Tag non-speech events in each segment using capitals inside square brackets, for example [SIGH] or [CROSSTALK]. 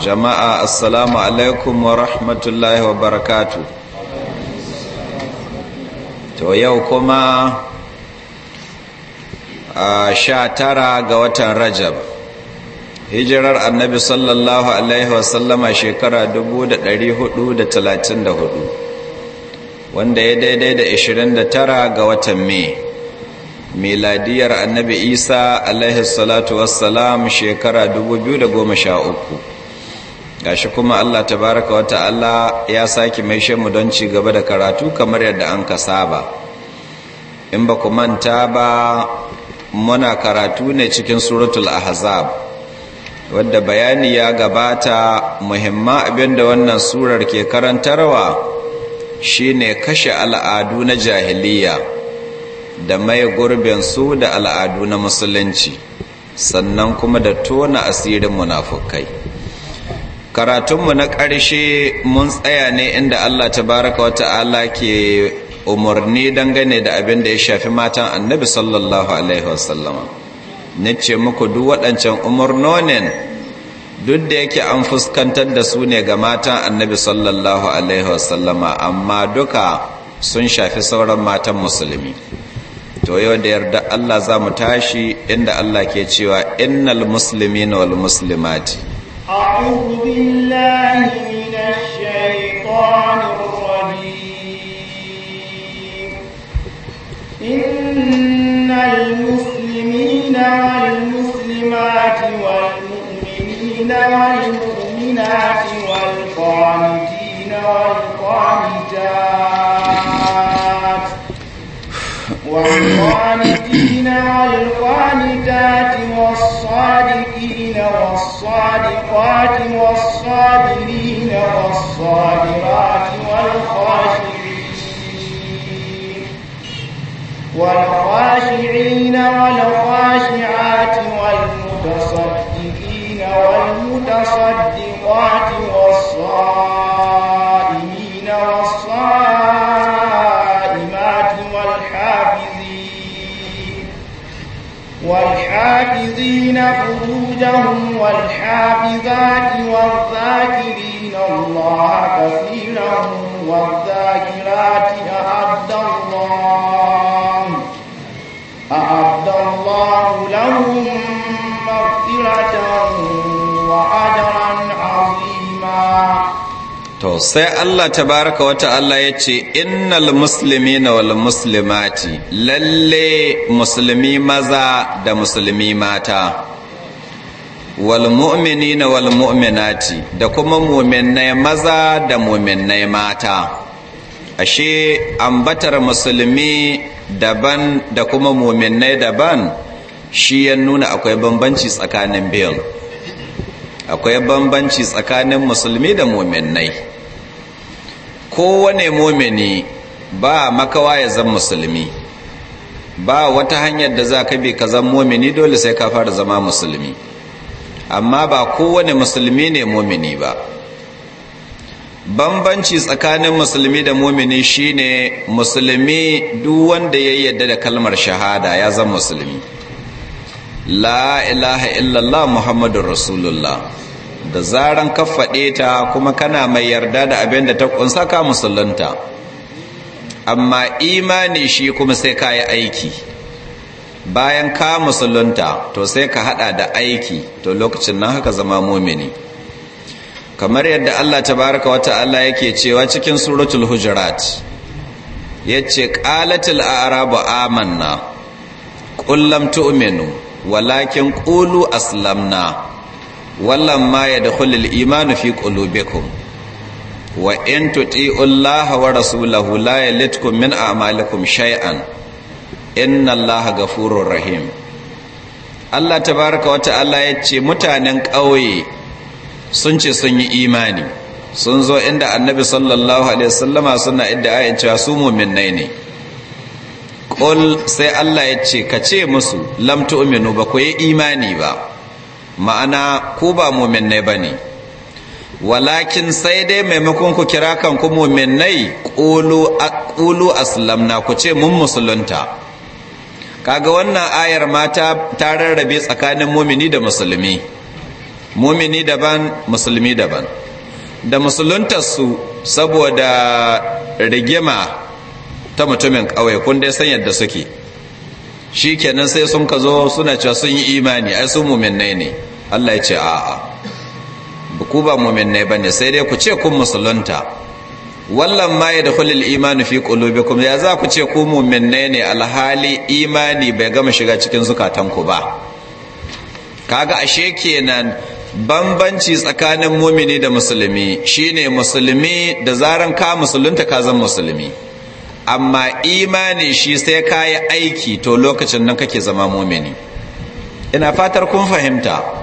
jama'a assalamu alaikum wa rahmatullahi wa barakatu to yau kuma a sha tara ga watan rajab hijirar annabi sallallahu alaihi wa sallama shekara 434 wanda ya daidai da 29 ga watan mai miladiyar annabi isa alaihi salatu wassalam shekara 2013 gashi kuma Allah tabaraka wata Allah ya sake mai mu don ci gaba da karatu kamar yadda an ka saba in ba ku manta ba muna karatu ne cikin suratul ahzab wadda bayani ya gabata muhimman abinda wannan surar ke karantarwa shine kashe al'adu na jahiliya da mai gurbin su da al'adu na musulunci sannan kuma da tona asirin munafukai karatunmu na ƙarshe mun tsaya ne inda Allah tabaraka wa ta'ala ke umarni dangane da abin da ya shafi matan annabi sallallahu alaihi wasallama na ce muku duk waɗancan umarnonin duk da yake an fuskantar da su ne ga matan annabi sallallahu alaihi wasallama amma duka sun shafi sauran matan musulmi to yau da yarda Allah za mu tashi inda Allah ke cewa innal muslimina wal muslimati أعوذ بالله من الشيطان الرجيم إن المسلمين والمسلمات والمؤمنين والمؤمنات والقانتين والقانتات والقانتين والقانتات والصالحين والصادقات والصابرين والصابرات والخاشعين والخاشعين والخاشعات والمتصدقين والمتصدقات والصائمين والصائمات والحافظين والحافظين فروجهم فروجهم والحافظات والذاكرين الله كثيرا والذاكرات أعد الله أعد الله لهم مغفرة وأجرا عظيما To sai Allah tabaraka wa ta'ala ya ce, Innal musulmi na wal musulmati, lalle musulmi maza da musulmi mata. walmu'minina walmu'minati da kuma mu'minnai maza da mu'minnai mata ashe ambatar musulmi daban da kuma mu'minnai daban shi ya nuna akwai bambanci tsakanin biyan akwai bambanci tsakanin musulmi da mu'minnai kowane mu'mini ba makawa ya zama musulmi ba wata hanyar da za ka bi ka zama mu'mini dole sai ka fara zama musulmi amma ba kowane musulmi ne mumini ba bambanci tsakanin musulmi da mumini shine musulmi duk wanda ya yadda da kalmar shahada ya zama musulmi la ilaha illallah muhammadun rasulullah da zaran ka faɗe ta kuma kana mai yarda da abin da ta kunsa ka musulunta amma imani shi kuma sai ka yi aiki bayan ka musulunta to sai ka hada da aiki to lokacin nan haka zama mumini kamar yadda Allah tabaraka wata allah yake cewa cikin suratul hujurat yace qalatil a'rabu amanna qul lam tu'minu walakin qulu aslamna ولما يدخل الإيمان في قلوبكم وإن تطيعوا la ورسوله لا min a أعمالكم shai'an. inna allaha gafurur rahim Allah tabaraka wata Allah ya ce mutanen ƙauye sun ce sun yi imani sun zo inda annabi sallallahu alaihi wasallama suna inda ayin cewa su nai ne qul sai Allah ya ce ka ce musu lam uminu ba ku yi imani ba ma'ana ku ba ba ne. walakin sai dai maimakon ku kira kanku mu'minnai ƙulu qulu aslamna ku ce mun musulunta kaga wannan ayar mata ta rarrabe tsakanin mumini da musulmi mumini daban musulmi daban da musuluntarsu saboda rigima ta mutumin kawai, kun dai san yadda suke shi kenan sai sun ka zo suna cewa sun yi imani ai su muminai ne allah ya ce a'a ku ba muminai ba ne sai dai ku ce kun musulunta wallan ma ya dakhulul imani fi qulubikum ya za ku ce ku mu'minai ne alhali imani bai gama shiga cikin zukatanku ba kaga ashe kenan bambanci tsakanin mumini da musulmi shine musulmi da zaran ka musulunta ka zan musulmi amma imani shi sai ka yi aiki to lokacin nan kake zama mumini ina fatar kun fahimta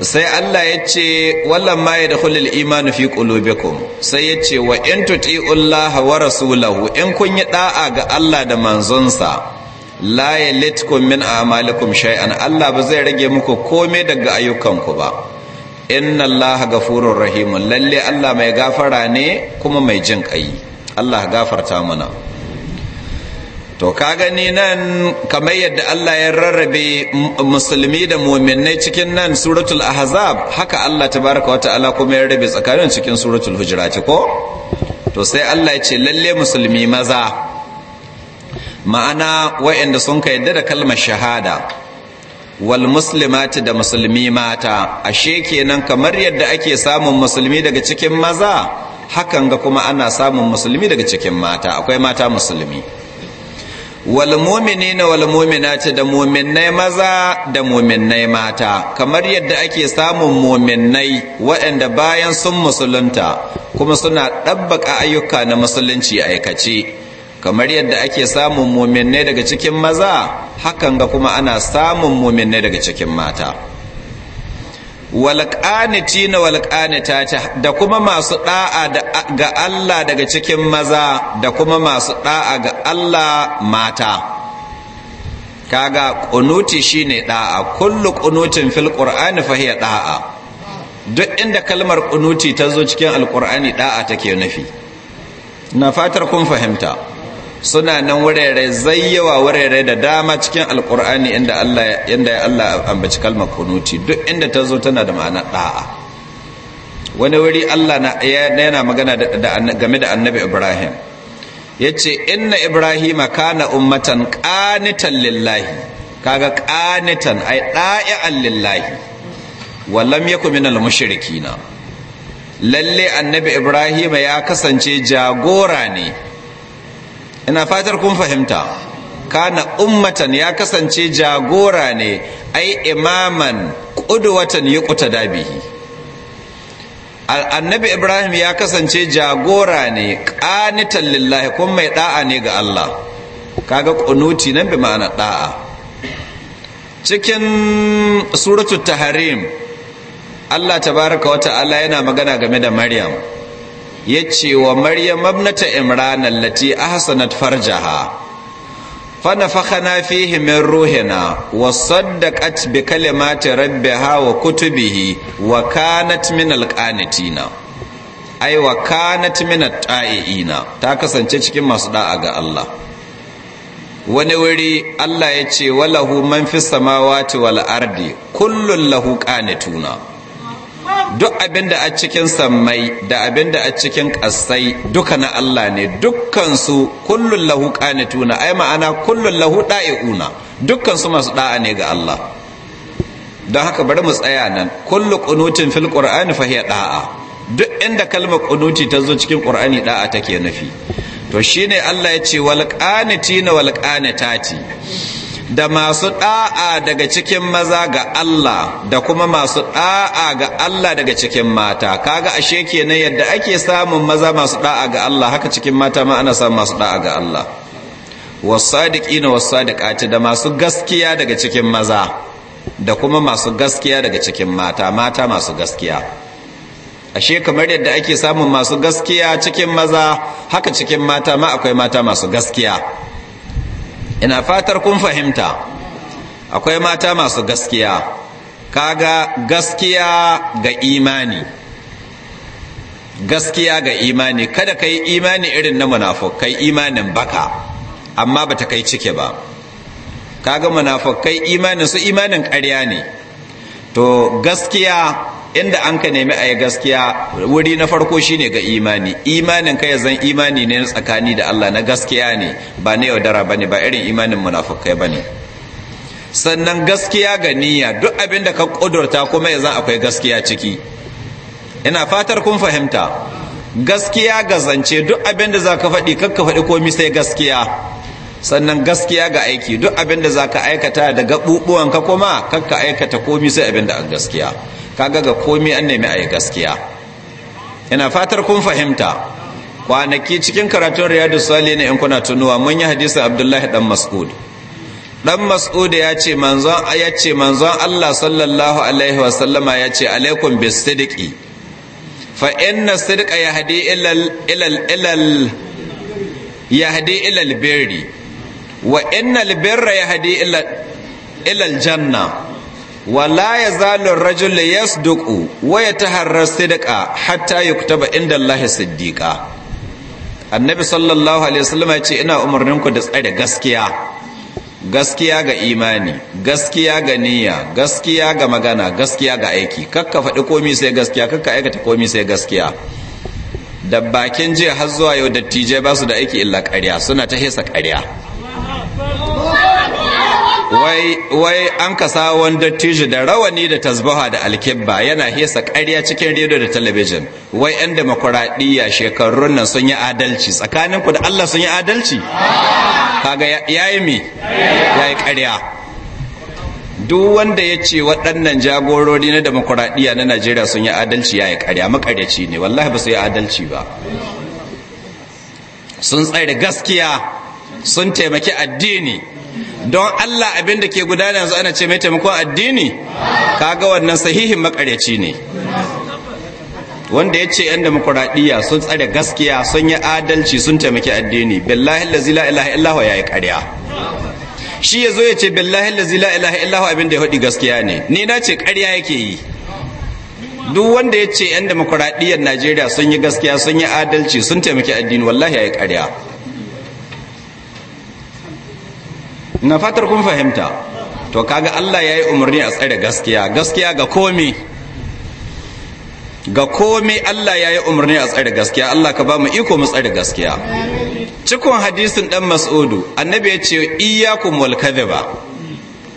sai Allah ya ce wallan ma ya al-iman fi qulubikum sai ya ce wa in tuti'ullaha wa rasulahu in kun yi da'a ga Allah da manzonsa la yalitkum min a'malikum shay'an Allah ba zai rage muku komai daga ayyukanku ba inna Allah gafurur rahim lalle Allah mai gafara ne kuma mai jin kai Allah gafarta mana to ka gani nan kamar yadda Allah ya rarrabe musulmi da muminai cikin nan suratul ahzab haka Allah tabaraka wa ta'ala kuma ya rarrabe tsakanin cikin suratul hujurat ko to sai Allah ya ce lalle musulmi maza ma'ana wa'anda sun ka yadda da kalmar shahada wal muslimati da musulmi mata ashe kenan kamar yadda ake samun musulmi daga cikin maza hakan ga kuma ana samun musulmi daga cikin mata akwai mata musulmi walmumini na walmumina ce da mu'minnai maza da mu'minnai mata kamar yadda ake samun mu'minnai waɗanda bayan sun musulunta kuma suna ɗabbaka ayyuka na musulunci aikace kamar yadda ake samun mu'minnai daga cikin maza hakan ga kuma ana samun mu'minnai daga cikin mata walƙaniti na ta da kuma masu ɗa'a ga Allah daga cikin maza da kuma masu ɗa'a ga Allah mata kaga ƙunuti shine ɗa'a kullu ƙunutin fil ƙur'ani fa ɗa'a duk inda kalmar ƙunuti ta zo cikin alƙur'ani ɗa'a take nufi na fatar kun fahimta suna nan wurare zayyawa wurare da dama cikin alkur'ani inda Allah inda ya Allah ambaci kalmar kunuti duk inda ta zo tana da ma'ana da'a wani wuri Allah yana magana game da annabi Ibrahim yace inna ibrahima kana ummatan qanitan lillahi kaga qanitan ay da'i'an lillahi wallam yakun minal mushrikina lalle annabi Ibrahim ya kasance jagora ne ina fatar kun fahimta kana ummatan ya kasance jagora ne ai imaman ƙudwatan ya kuta dabihi annabi ibrahim ya kasance jagora ne ƙanitan lillahi kun mai da'a ne ga allah kaga ƙunuti nan bi ma'ana da'a cikin suratul taharim allah tabaraka wa ta'ala yana magana game da maryam ya ce wa maryam mabnata imran allati ahsanat farjaha fa nafakhana fihi min ruhina wa saddaqat bi kalimati rabbiha wa kutubihi wa kanat min alqanitina ai wa kanat min ta'iina ta kasance cikin masu da'a ga Allah wani wuri Allah ya ce walahu man fis samawati wal ardi kullun lahu qanituna duk abin da a cikin sammai da abin da a cikin ƙasai duka na Allah ne dukkansu kullun lahu qanituna ai ma'ana kullun lahu da'iuna dukkansu masu ɗa'a ne ga Allah don haka bari mu tsaya nan kullun qunutin fil qur'ani fa hiya duk inda kalmar qunuti ta zo cikin qur'ani da'a take nufi to shine Allah ya ce wal qanitina wal qanitati da masu ɗa'a daga cikin maza ga Allah da kuma masu ɗa'a ga Allah daga cikin mata kaga ashe kenan yadda ake samun maza masu ɗa'a ga Allah haka cikin mata ma ana samun masu ɗa'a ga Allah wasadiqina wasadiqati da masu gaskiya daga cikin maza da kuma masu gaskiya daga cikin mata mata masu gaskiya ashe kamar yadda ake samun masu gaskiya cikin maza haka cikin mata ma akwai mata masu gaskiya ina fatar kun fahimta akwai mata masu gaskiya kaga gaskiya ga imani gaskiya ga imani kada ka yi imani irin na munafukai imanin baka amma ba ta kai cike ba kaga munafukai imanin su imanin ƙarya ne to gaskiya inda an ka nemi a yi gaskiya wuri na farko shine ga imani imanin ka ya zan imani ne na tsakani da Allah na gaskiya ne ba na yaudara ba ne ba irin imanin munafukai ba ne sannan gaskiya ga niyya duk abin da ka kudurta kuma ya zan akwai gaskiya ciki ina fatar kun fahimta gaskiya ga zance duk abin da za ka faɗi kakka faɗi komi sai gaskiya sannan gaskiya ga aiki duk abin da za ka aikata da ka kuma kakka aikata komi sai abin da an gaskiya kaga ga komai an nemi a yi gaskiya ina fatar kun fahimta kwanaki cikin karatun riyadu sali ne in kuna tunuwa mun yi hadisa abdullahi dan mas'ud dan mas'ud ya ce manzon ya ce manzon Allah sallallahu alaihi wa sallama ya ce alaikum bisidqi fa inna sidqa yahdi ila ilal ila yahdi ila wa inna birra yahdi ila ila janna. wala ya zalo rajul yasduqu wa harar sidqa hatta yuktaba inda Allah siddiqa annabi sallallahu alaihi wasallam ya ce ina umarnin ku da tsare gaskiya gaskiya ga imani gaskiya ga niyya gaskiya ga magana gaskiya ga aiki kakka faɗi komi sai gaskiya kakka aikata komi sai gaskiya da bakin jiya har zuwa yau dattijai ba da aiki illa ƙarya suna ta hesa ƙarya wai an kasa sawon dattijo da rawani da tasbaha da alkibba yana hesa ƙarya cikin rediyo da talabijin wai 'yan demokuraɗiyya shekarun nan sun yi adalci tsakaninku da Allah sun yi adalci kaga ya yi mi ya yi ƙarya duk wanda ya ce waɗannan jagorori na demokuraɗiyya na najeriya sun yi adalci ya yi ƙarya makaryaci ne wallahi ba su yi adalci ba sun tsare gaskiya sun taimaki addini don Allah abin da ke gudana yanzu ana ce mai taimakon addini kaga wannan sahihin makaryaci ne wanda ya ce 'yan demokuraɗiyya sun tsare gaskiya sun yi adalci sun taimaki addini billahi lazi la ilaha illahu ya yi ƙarya shi ya zo ya ce billahi lazi la ilaha illahu abin da ya hudi gaskiya ne ni na ce ƙarya yake yi duk wanda ya ce 'yan demokuraɗiyyar najeriya sun yi gaskiya sun yi adalci sun taimaki addini wallahi ya yi ƙarya na fatar kun fahimta to kaga Allah ya yi umarni a tsare gaskiya gaskiya ga komi ga komi Allah ya yi umarni a tsare gaskiya Allah ka ba mu iko mu tsare gaskiya cikon hadisin dan mas'udu annabi ya ce iyyakum wal kadhiba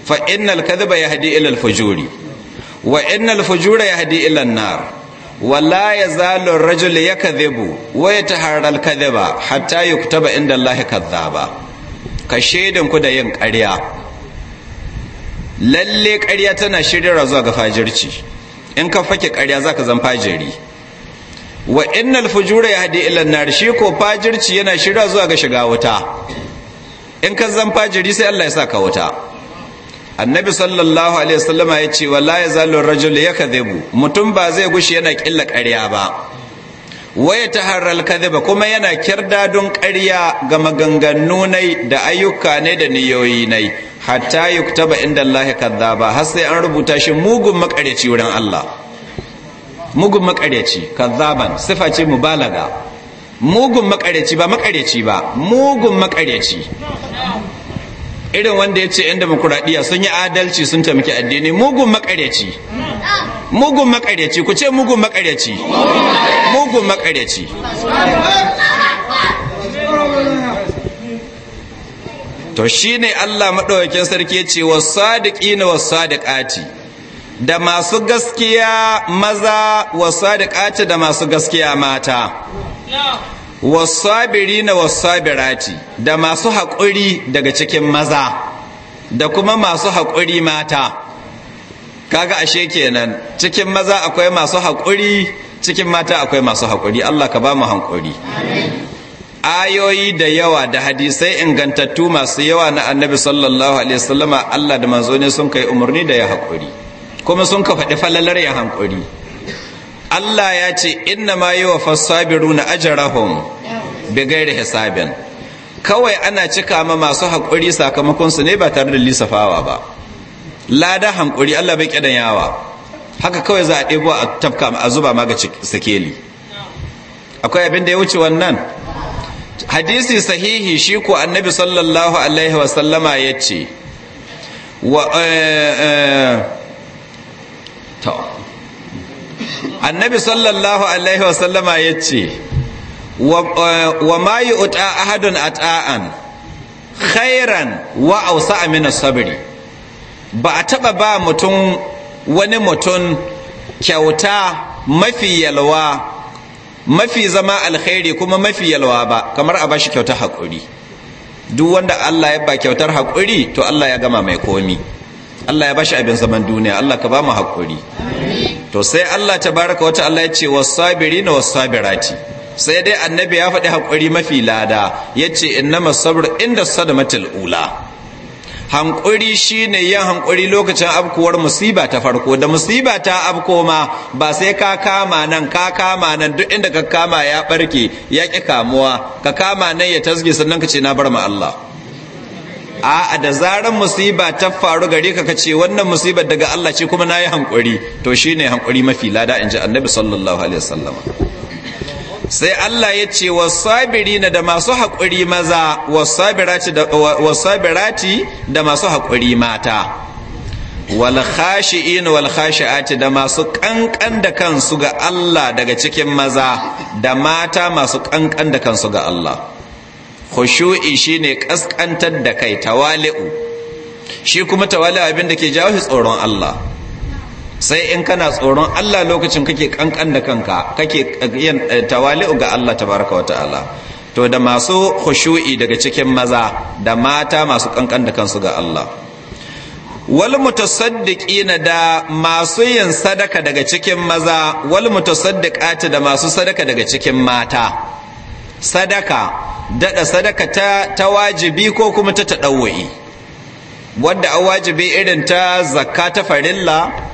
fa innal kadhiba yahdi ila al fujuri wa innal fujura yahdi ila an nar ar rajulu yakadhibu wa ويتحرى kadhiba hatta yuktaba inda allahi kadhaba ka shaidan ku da yin ƙarya lalle ƙarya tana shirya zuwa ga fajirci in ka fake ƙarya za ka zan fajiri wa innal fujura ya haɗe ilan nar shi ko fajirci yana shirya zuwa ga shiga wuta in ka zan fajiri sai Allah ya sa ka wuta annabi sallallahu alaihi wasallama ya ce wala ya zalun rajul ya kadhibu mutum ba zai gushi yana killa ƙarya ba waya ta harar kadhiba kuma yana don ƙarya ga maganganu nai da ayyuka ne da niyoyi nai hatta yuktaba inda Allah kadhaba har sai an rubuta shi mugun makareci wurin Allah mugun makareci kadhaban sifa ce mubalaga mugun makareci ba makareci ba mugun makareci irin wanda ya ce 'yan demokuraɗiyya sun yi adalci sun taimaki addini mugun makareci mugun makareci ku ce mugun makareci mugun makaryaci to shi ne Allah maɗaukakin sarki ce wa na wa sadiqati da masu gaskiya maza wa sadiqati da masu gaskiya mata wa na wa sabirati da masu haƙuri daga cikin maza da kuma masu haƙuri mata kaga ashe kenan cikin maza akwai masu haƙuri cikin mata akwai masu haƙuri Allah ka ba mu haƙuri ayoyi da yawa da hadisai ingantattu masu yawa na annabi sallallahu alaihi wasallama Allah da manzo ne sun kai umarni da ya haƙuri kuma sun ka faɗi falalar ya haƙuri Allah ya ce inna ma yi wa na ajrahum bi ghairi hisabin kawai ana cika ma masu haƙuri sakamakon su ne ba tare da lissafawa ba lada hankuri Allah bai kidan yawa haka kawai za a ɗebo a tafka a zuba ma ga sakeli akwai abin da ya wuce wannan hadisi sahihi shi ko annabi sallallahu alaihi wasallama ya ce eh, eh, annabi sallallahu alaihi wasallama ya ce wa eh, ma yi uta ahadun ta'an khairan wa ausa amina sabiri ba a taba ba mutum wani mutum kyauta mafi yalwa mafi zama alkhairi kuma mafi yalwa ba kamar a bashi kyautar haƙuri duk wanda Allah ya ba kyautar haƙuri to Allah ya gama mai komi Allah ya bashi abin zaman duniya Allah ka ba mu haƙuri to sai Allah tabaraka wata Allah ya ce wasabiri na wasabirati sai dai annabi ya faɗi haƙuri mafi lada ya ce innama sabr inda sadamatul ula hankuri shine yin hankuri lokacin abkuwar musiba ta farko da musiba ta abko ma ba sai ka kama nan ka kama nan duk inda ka kama ya barke ya ki kamuwa ka kama nan ya tasge sannan ka ce na bar ma Allah a da zaran musiba ta faru gare ka kace wannan musibar daga Allah ce kuma nayi hankuri to shine hankuri mafi lada inji Annabi sallallahu alaihi wasallam sai Allah ya ce wa na da masu haƙuri maza wa sabirati da masu haƙuri mata wal khashi'in wal khashi'ati da masu ƙanƙan da kansu ga Allah daga cikin maza da mata masu ƙanƙan da kansu ga Allah khushu'i shine ƙasƙantar da kai tawali'u shi kuma tawali'u abin da ke jawo shi tsoron Allah sai in kana tsoron Allah lokacin kake kankan da kanka kake yin eh, tawali'u ga Allah tabaraka wa ta'ala to da masu khushu'i daga cikin maza da mata masu kankan da kansu ga Allah wal mutasaddiqina da masu yin sadaka daga cikin maza wal mutasaddiqati da masu sadaka daga cikin mata sadaka dada sadaka ta ta wajibi ko kuma ta tadawwi wadda a wajibi irin ta zakka ta farilla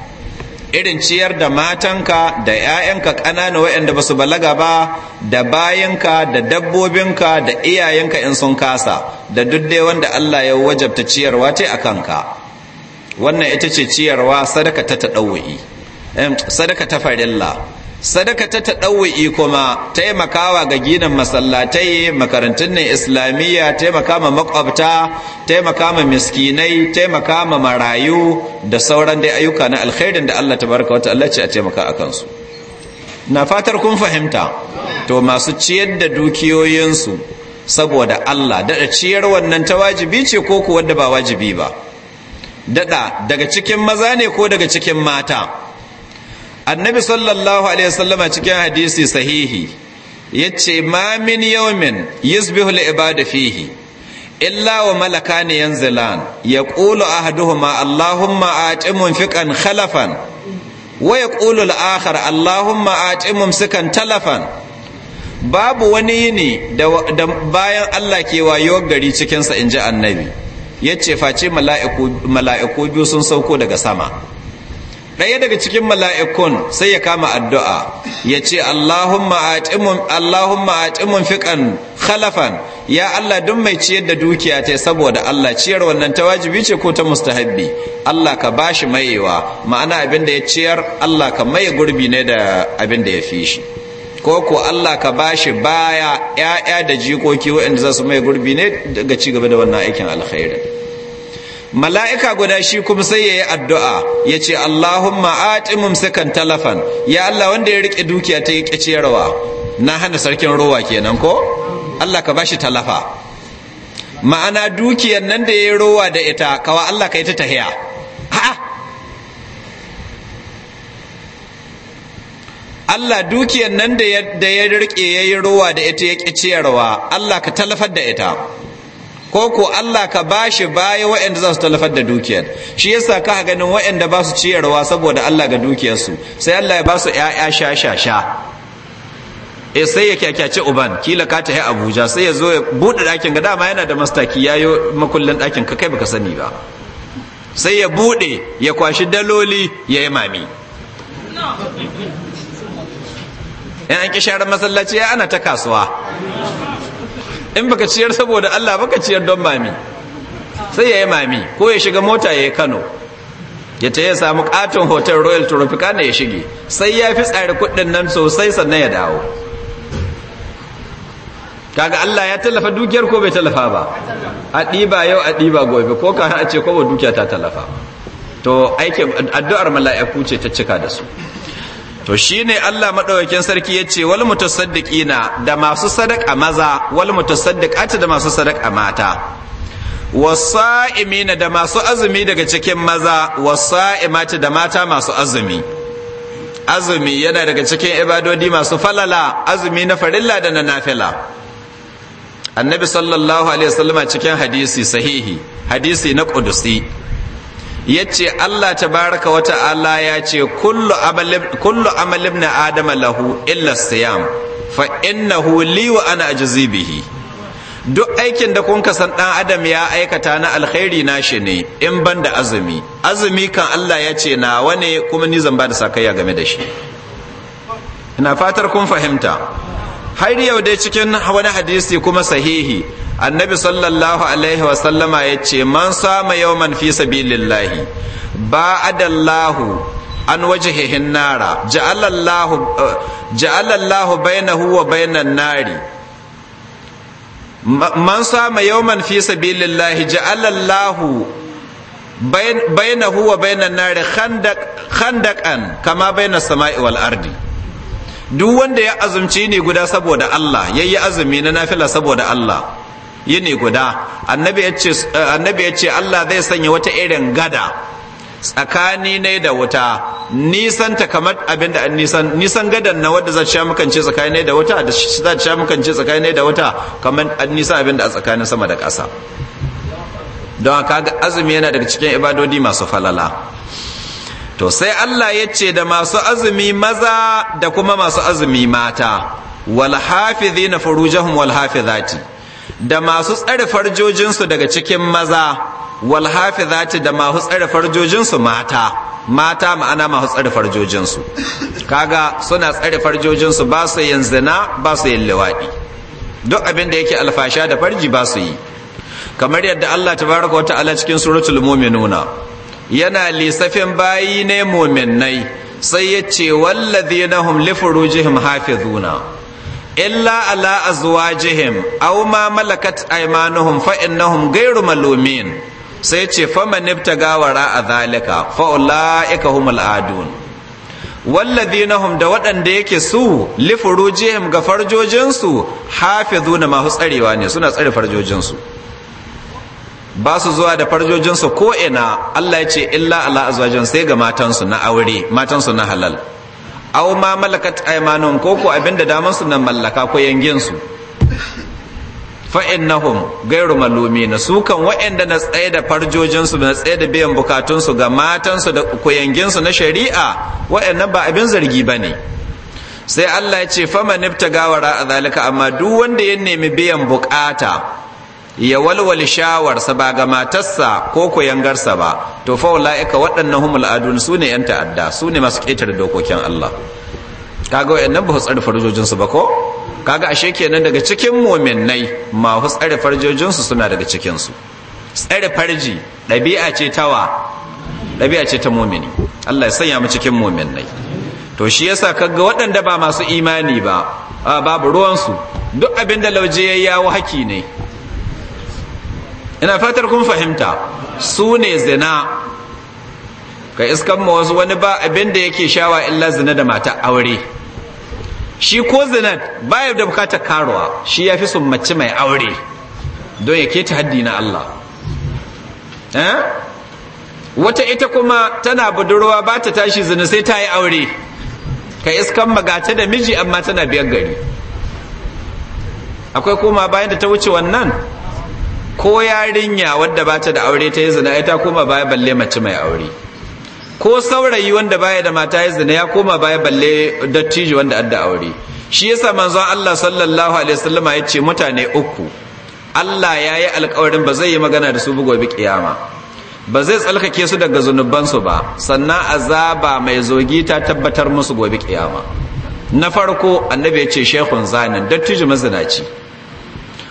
irin ciyar da matanka da 'ya'yanka ƙanana waɗanda ba su balaga ba da bayanka da dabbobinka da iyayenka in sun kasa da duk dai wanda Allah ya wajabta ciyarwa ce a kanka wannan ita ce ciyarwa sadaka ta taɗawa'i sadaka ta farilla sadaka ta taɗawai kuma taimakawa ga ginin masallatai makarantun nan islamiyya taimakawa makwabta taimaka miskinai taimaka marayu da sauran dai ayyuka na alkhairin da Allah tabaraka wa ta'ala ce a taimaka a kansu na fatar kun fahimta to masu ciyar da dukiyoyinsu saboda Allah daɗa ciyar wannan ta wajibi ce ko kuwa ba wajibi ba daɗa daga cikin maza ne ko daga cikin mata annabi sallallahu alaihi wasallam cikin hadisi sahihi yace ma min yawmin yusbihu li ibada fihi illa wa malakan yanzilan yaqulu ahaduhuma allahumma ati munfiqan khalafan wa yaqulu al-akhar allahumma ati mumsikan talafan babu wani yini da bayan Allah ke wayo gari cikinsa in ji annabi ya ce face mala'iku biyu sun sauko daga sama ɗaya daga cikin mala'ikun sai ya kama addu'a ya ce Allahumma atimun fiƙan khalafan ya Allah duk mai ciyar da dukiya ta saboda Allah ciyar wannan ta wajibi ce ko ta mustahabbi Allah ka bashi mayewa ma'ana abin da ya ciyar Allah ka maye gurbi ne da abin da ya fi shi ko ko Allah ka bashi baya ‘ya'ya da jikoki waɗanda za su maye gurbi ne daga ci gaba da wannan aikin alkhairin mala'ika guda shi kuma sai ya yi addu'a ya ce Allahumma ati mumsikan talafan ya Allah wanda ya riƙe dukiya ta yi ciyarwa na hana sarkin ruwa kenan ko Allah ka bashi talafa ma'ana dukiyar nan da ya yi ruwa da ita kawa Allah ka yi ta tahiya ha Allah dukiyar nan da ya riƙe ya yi ruwa da ita ya ciyarwa Allah ka talafar da ita ko ko Allah ka bashi baya waɗanda za su talafar da dukiyar shi yasa ka ganin waɗanda ba su ciyarwa saboda Allah ga dukiyarsu sai Allah ya ba su ƴaƴa sha sha sha e sai ya kyakyaci uban kila ka tahi Abuja sai ya zo ya buɗe ɗakin ga dama yana da mastaki yayo makullin ɗakin ka kai baka sani ba sai ya buɗe ya kwashi daloli ya yi mami in an ƙi masallaci ya ana ta kasuwa in baka ciyar saboda Allah baka ciyar don mami sai ya yi mami ko ya shiga mota ya yi kano ya ta yi samu katon hotel royal tropicana ya shige sai ya fi tsari kudin nan sosai sannan ya dawo kaga Allah ya tallafa dukiyar ko bai tallafa ba a ɗiba yau a ɗiba gobe ko ka a ce ko dukiya ta tallafa to aikin addu'ar mala'iku ce ta cika da su to shine Allah maɗaukakin sarki ce wal mutasaddiqina da masu sadaka maza wal mutasaddiqati da masu sadaka mata wasa'imina da masu azumi daga cikin maza wasa'imati da mata masu azumi azumi yana daga cikin ibadodi masu falala azumi na farilla da na nafila annabi sallallahu alaihi wasallama cikin hadisi sahihi hadisi na qudusi yace Allah tabaraka wa ta'ala ya ce kullu amal ibn adama lahu illa siyam fa innahu li wa ana ajzi bihi duk aikin da kun san dan adam ya aikata na alkhairi nashi ne in ban da azumi azumi kan Allah ya ce nawa ne kuma ni zan ba sakayya game da shi ina fatar kun fahimta har yau dai cikin wani hadisi kuma sahihi annabi sallallahu alaihi wasallama ya ce man sama yawman fi sabilillahi ba adallahu an waje wajhihin nara ja'alallahu bainahu wa bainan nari man sama yawman fi sabilillahi ja'alallahu bainahu wa bainan nari khandaqan kama bainas sama'i wal ardi duk wanda ya azumci ne guda saboda Allah yayi azumi na nafila saboda Allah yini guda eh, annabi ya ce Allah zai sanya wata irin gada tsakani ne da wuta nisan ta kamar abin da nisan nisan gadan na wadda zai sha makance tsakani ne da wuta da shi zai sha makance tsakani ne da wuta kamar nisan abin da a tsakanin sama da ƙasa don ga azumi yana daga cikin ibadodi masu falala to sai Allah ya ce da masu azumi maza da kuma masu azumi mata wal hafizina furujahum wal hafizati da masu tsare farjojinsu daga cikin maza wal hafizati da masu tsare farjojinsu mata mata ma'ana masu tsare farjojinsu kaga suna tsare farjojinsu ba su yin zina ba su yin liwaɗi duk abin da yake alfasha da farji ba su yi kamar yadda Allah ta baraka wa ta'ala cikin suratul mu'minuna yana lisafin bayi ne mu'minnai sai ya ce wallazina hum li furujihim hafizuna illa ala azwajihim aw ma malakat aymanuhum fa innahum ghayru malumin sai ce faman ibtaga wara adhalika fa ulaika humul adun walladhinahum da waɗanda yake su li furujihim ga farjojinsu hafizuna ma tsarewa ne suna tsare farjojinsu ba su zuwa da farjojinsu ko ina Allah ya ce illa ala azwajin sai ga matansu na aure matansu na halal aw ma malakat aymanun ko ko abinda daman su nan mallaka ko yangin su fa innahum ghayru malumin su kan wa'anda na tsaye da farjojin su na tsaye da biyan bukatun su ga matan su da koyangin su na shari'a wa'annan ba abin zargi bane sai Allah ya ce faman ibtaga wara zalika amma duk wanda ya nemi biyan bukata ya walwali shawarsa ba ga matarsa ko koyangarsa ba to fa la'ika waɗannan humul adun su ne yan ta'adda su ne masu ƙetare dokokin Allah kaga wayannan ba su tsare farjojin ba ko kaga ashe kenan daga cikin mu'minnai ma su tsare farjojin su suna daga cikin su tsare farji ɗabi'a ce tawa ɗabi'a ce ta mu'mini Allah ya sanya mu cikin mu'minnai to shi yasa kaga waɗanda ba masu imani ba babu ruwansu duk abinda lauje ya yawo haki ne ina fatar kun fahimta su ne zina ka iskan ma wasu wani ba abin da yake shawa illa zina da mata aure shi ko zinat baya da bukatar karuwa shi ya fi mace mai aure don ya keta haddi na Allah eh? wata ita kuma tana budurwa ba ta tashi zina sai ta yi aure ka iskan magata da miji amma tana biyar gari akwai koma bayan da ta wuce wannan ko yarinya wadda ba ta da aure ta yi zina ya ta koma baya balle mace mai aure ko saurayi wanda baya da mata ya zina ya koma baya balle dattijo wanda adda aure shi yasa manzon Allah sallallahu alaihi wasallama ya ce mutane uku Allah ya yi alƙawarin ba zai yi magana da su bugo bi kiyama ba zai tsalkake su daga su ba sannan azaba mai zogi ta tabbatar musu gobe kiyama na farko annabi ya ce shehun zanin dattijo mazinaci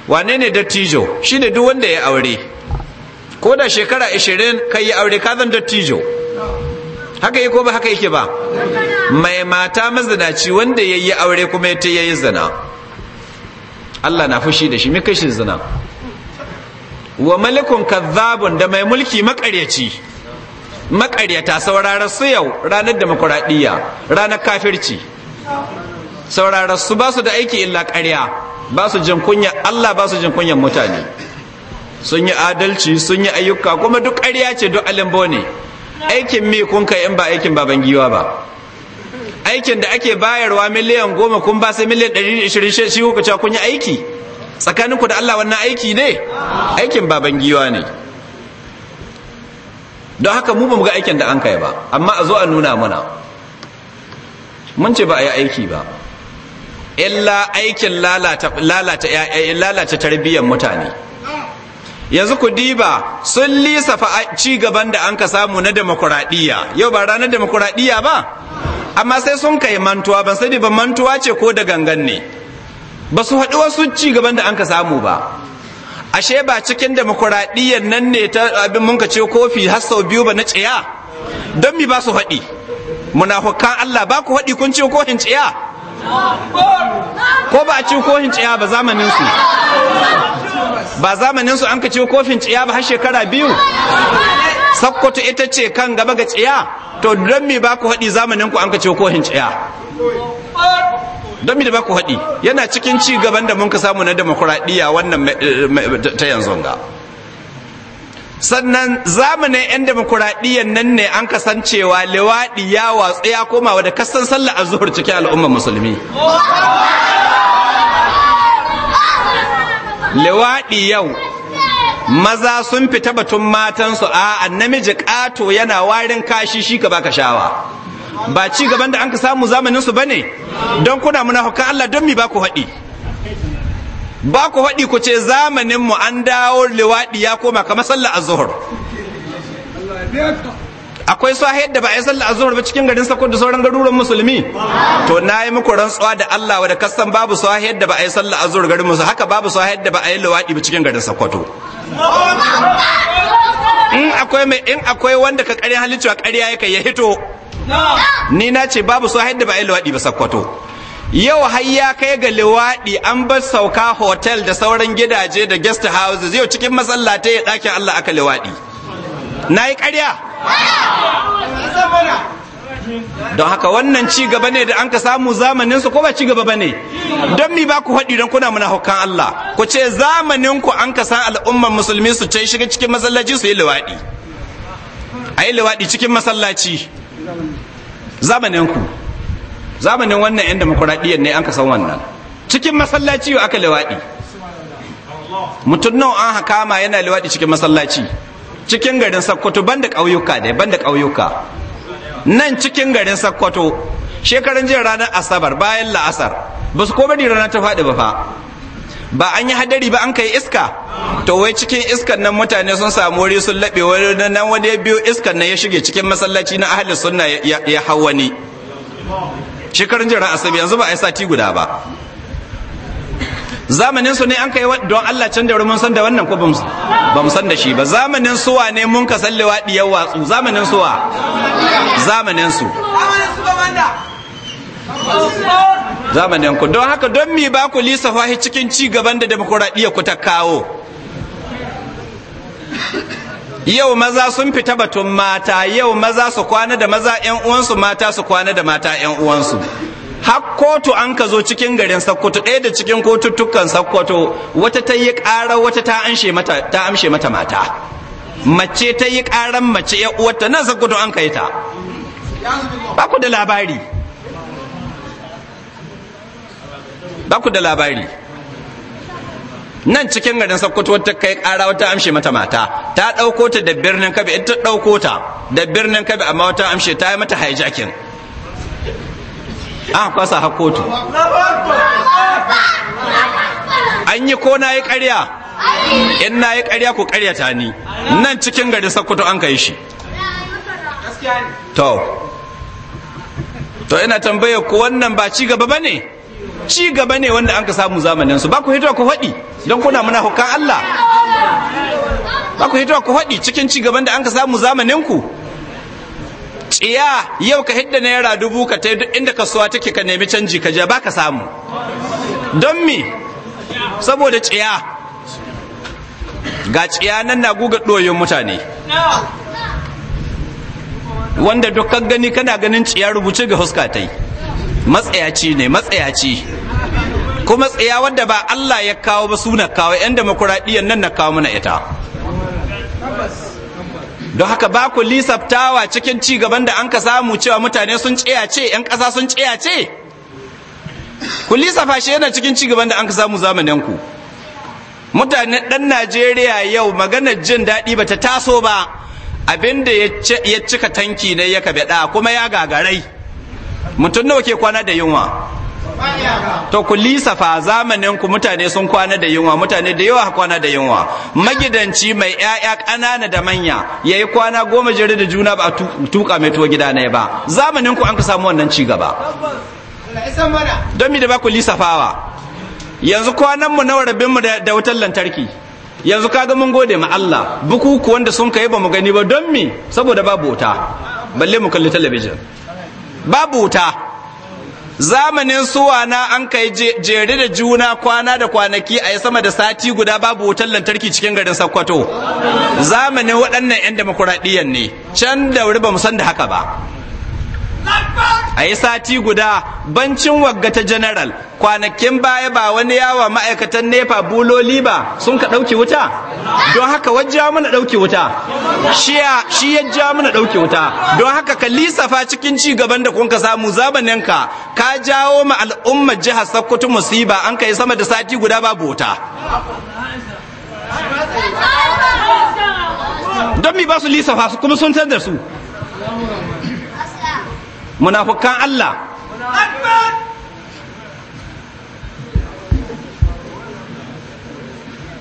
wane ne dattijo shi ne duk wanda ya aure ko da shekara 20 kai ya aure kazan dattijo haka yi ko ba haka yake ba mai mata mazinaci wanda ya yi aure kuma ya ta yi zina Allah na fushi da shi mai kashi zina wa malikun kazzabun da mai mulki makaryaci makaryata sauraron su yau ranar demokuraɗiyya ranar kafirci sauraron su ba su da aiki illa karya. ba su jin kunya Allah ba su jin kunyan mutane sun yi adalci sun yi ayyuka kuma duk ƙarya ce duk alimbo ne aikin me kun kai in ba aikin baban giwa ba aikin da ake bayarwa miliyan goma kun ba sai miliyan ɗari ishirin shi kuka cewa kun yi aiki tsakaninku da Allah wannan aiki ne aikin baban giwa ne don haka mu ba mu ga aikin da an kai ba amma a zo a nuna mana mun ce ba a yi aiki ba illa aikin lalata eh, lalata tarbiyyar mutane yanzu ku diba sun lisafa ci gaban da an ka samu na demokuraɗiyya yau ba ranar demokuraɗiyya ba amma sai sun kai mantuwa ban sani ba mantuwa ce ko da gangan ne ba su haɗu wasu ci gaban da an ka samu ba ashe ba cikin demokuraɗiyyar nan ne ta abin mun ka ce kofi har sau biyu ba na tsaya? don mi ba su haɗi Muna munafukan Allah ba ku haɗi kun ce in tsaya? ko ba a ci kofin ciya ba zamanin su ba zamanin su an ka ci kofin ciya ba har shekara biyu sakkwato ita ce kan gaba ga ciya to don me ba ku haɗi zamanin ku an ka ci kofin ciya don me da ba ku haɗi yana cikin ci gaban da mun ka samu na demokuraɗiyya wannan ta yanzu ga sannan zamanin 'yan demokuraɗiyyar nan ne an kasancewa lewaɗi ya watsu ya komawa da kasan sallah a zuhur cikin al'ummar musulmi lewaɗi yau maza sun fita batun matansu a namiji ƙato yana warin kashi shi ka baka shawa ba ci gaban da an ka samu zamaninsu ba ne don kuna muna hukan Allah don mi ba ku haɗi ba ku faɗi ku ce zamaninmu an dawo liwaɗi ya koma masalla sallar azhar akwai sahiyar da ba a yi sallar azhar ba cikin garin sakon da sauran garuruwan musulmi to na yi muku rantsuwa da Allah wa da kasan babu sahiyar da ba a yi sallar azhar garin musulmi haka babu sahiyar da ba a yi luwaɗi ba cikin garin sakoto in akwai mai in akwai wanda ka ƙarin halin cewa ƙarya yake ya hito ni na ce babu sahiyar da ba a yi luwaɗi ba sakoto yau har ya kai ga liwaɗi an bar sauka hotel da sauran gidaje da guest houses yau cikin masallatai ya ɗakin Allah aka liwaɗi na yi ƙarya don haka wannan ci gaba ne da an ka samu zamanin su ko ba ci gaba bane don mi ba ku haɗi don kuna muna hukan Allah ku ce zamanin ku an ka san al'umman musulmi su ce shiga cikin masallaci su yi liwaɗi a yi liwaɗi cikin masallaci zamanin ku zamanin wannan yan demokuraɗiyyar ne an ka san wannan cikin masallaci yau aka lewaɗi mutum nawa an hakama yana lewaɗi cikin masallaci cikin garin sakkwato da ƙauyuka da ƙauyuka nan cikin garin sakkwato shekaran jiya ranar asabar bayan la'asar ba su komari rana ta faɗi ba fa ba an yi hadari ba an kai iska to wai cikin iskan nan mutane sun samu wuri sun laɓe wani nan wani ya biyo iskan nan ya shige cikin masallaci na ahalin sunna ya hau wani shekarun jira asabi yanzu ba a yi sati guda ba zamanin su ne an kai don Allah can da mun san da wannan ko ba mu san da shi ba zamanin suwa ne mun ka wa diyar watsu zamanin suwa zamanin su zamanin ku don haka don mi ba ku lisa cikin ci gaban da demokuraɗiyya ku ta kawo yau maza sun fita batun mata yau maza su kwana da maza yan uwansu mata su kwana da mata yan uwansu har kotu an ka zo cikin garin sakkwato ɗaya da cikin kotuttukan sakkwato wata ta yi ƙarar wata ta amshe mata ta amshe mata mata mace ta yi ƙaran mace ya uwarta nan sakkwato an kai ta ba ku da labari ba ku da labari nan cikin garin sokoto wata kai ƙara wata amshe mata mata ta ɗauko ta da birnin kabe ita ta ɗauko ta da birnin kabe amma wata amshe ta yi mata hijacking an kwasa hakotu an yi ko na yi ƙarya in na yi ƙarya ku ta ni nan cikin garin sokoto an kai shi to to ina tambayar ku wannan ba ci gaba ba ne ci gaba ne wanda an ka samu zamanin su ba ku hito ku faɗi don kuna muna hukan Allah ba hito ku faɗi cikin ci gaban da an ka samu zamanin ku tsiya yau ka hidda naira dubu ka ta duk inda kasuwa take ka nemi canji ka je ba ka samu don me saboda tsiya ga tsiya nan na guga doyon mutane wanda dukkan gani kana ganin tsiya rubuce ga huska ta matsayaci ne matsayaci kuma tsaya wadda ba Allah ya kawo ba suna kawo 'yan demokuraɗiyyar nan na kawo mana ita don haka ba ku lisaftawa cikin ci gaban da an ka samu cewa mutane sun tsayace 'yan ƙasa sun tsayace ku lissafa shi yana cikin ci gaban da an ka samu zamaninku mutane ɗan najeriya yau maganar jin daɗi ba ta taso ba abinda ya cika tanki na ya kabe kuma ya gagarai mutum nawa ke kwana da yunwa to ku lisafa zamanin ku mutane sun kwana da yunwa mutane da yawa kwana da yunwa magidanci mai yaya ƙanana da manya yayi kwana goma jere da juna ba tuka mai tuwa gida ba zamanin ku an ka samu wannan ci gaba don mi da ba ku lisafawa yanzu kwanan mu nawa rabin mu da wutar lantarki yanzu kaga mun gode ma Allah bukukuwan wanda sun kai ba mu gani ba don mi saboda babu wuta balle mu kalli talabijin babu wuta zamanin suwa na an kai jere da juna kwana da kwanaki a sama da sati guda babu wutar lantarki cikin garin sakkwato zamanin waɗannan 'yan demokuraɗiyyar ne can da wuri ba mu san da haka ba a yi sati guda bancin wagga ta general kwanakin baya ba wani yawa ma'aikatan nefa buloli ba sun ka ɗauki wuta don haka wajja mana ɗauki wuta shi ya ja mana ɗauki wuta don haka ka lisafa cikin ci gaban da kun ka samu zamaninka ka jawo ma al'ummar jihar sokoto musiba an ka yi sama da sati guda babu wuta don mi ba su lisafa su kuma sun canza su munafukan Allah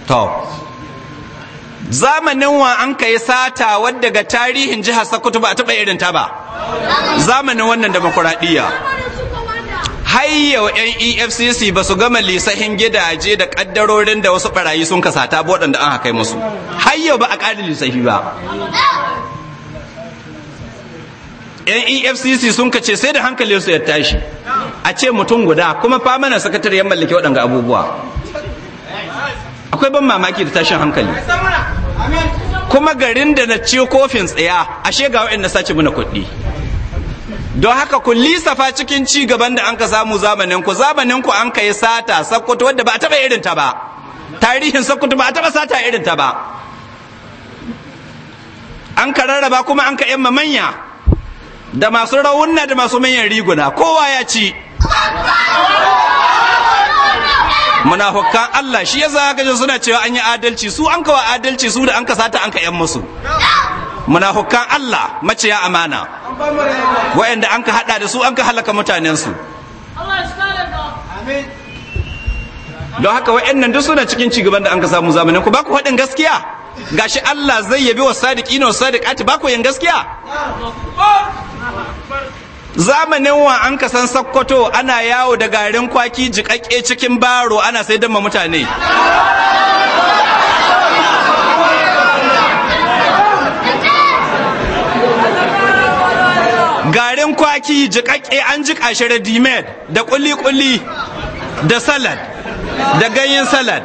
to zamanin wa an kai sata wadda ga tarihin jihar Sokoto ba a taɓa irin ta ba zamanin wannan hayya wa yan efcc ba su gama lisahin gidaje da ƙaddarorin da wasu barayi sun kasata ba waɗanda an haka musu hayya ba a ƙara lisahi ba yan efcc sun kace sai da hankali su ya tashi a ce mutum guda kuma famanan sakatare ya mallake waɗanga abubuwa akwai ban mamaki da tashin hankali kuma garin da na ci kofin tsaya ashe ga wa'in na sace mana kuɗi don haka ku lisafa cikin ci gaban da an ka samu zamanin ku zamanin ku an kai sata sakkwato wadda ba a taba irin ta ba tarihin sakkwato ba a taba sata irin ta ba an ka rarraba kuma an ka yamma manya da masu rawunna da masu manyan riguna kowa ya ci munafukan Allah shi ya zagajin suna cewa an yi adalci su an kawa adalci su da an ka sata an ka yan musu munafukan Allah mace ya amana wa'anda an ka hada da su an ka halaka su. don haka wa'annan duk suna cikin cigaban da an ka samu zamanin ku ba ku hadin gaskiya gashi Allah zai yabi wa sadiki wa sadiqati ba ku yin gaskiya zamanin wa an san sakkwato ana yawo da garin kwaki jikakke cikin baro ana sai ma mutane garin kwaki jikakke an jika shi dimed da kulli-kulli da salad da ganyen salad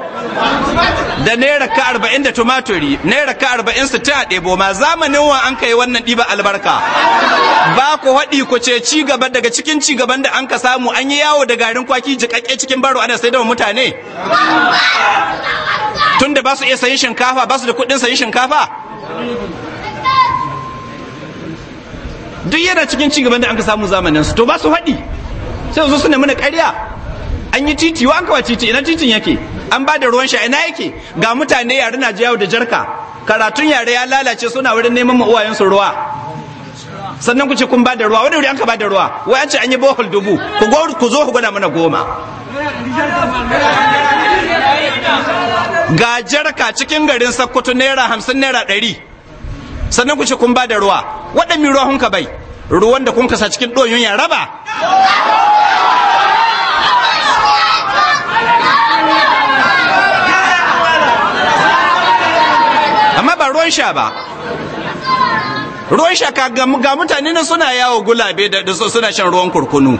da naira ka arba'in da tumaturi naira ka arba'in su ta ɗebo ma zamanin wa an kai wannan ɗiba albarka ba ku haɗi ku ce ci gaba daga cikin ci gaban da an ka samu an yi yawo da garin kwaki jiƙaƙƙe cikin baro ana sai da mutane tun da ba su iya sayin shinkafa ba su da kuɗin sayin shinkafa duk yana cikin ci gaban da an ka samu zamanin su to ba su haɗi sai su su ne mana ƙarya an yi titi wa an kawa titi ina titin yake an ba da ruwan sha ina yake ga mutane yare na jawo da jarka karatun yare ya lalace suna wurin neman ma uwayensu ruwa sannan ku ce kun ba da ruwa wani wuri an ka ba da ruwa wai an ce an yi bohol dubu ku zo ku gwada mana goma ga jarka cikin garin sakkwato naira hamsin naira ɗari sannan ku ce kun ba da ruwa waɗanne ruwa hunka bai ruwan da kun kasa cikin ɗoyin ya raba ruwan sha ba ruwan sha ga mutane na suna yawo gulabe da suna shan ruwan kurkunu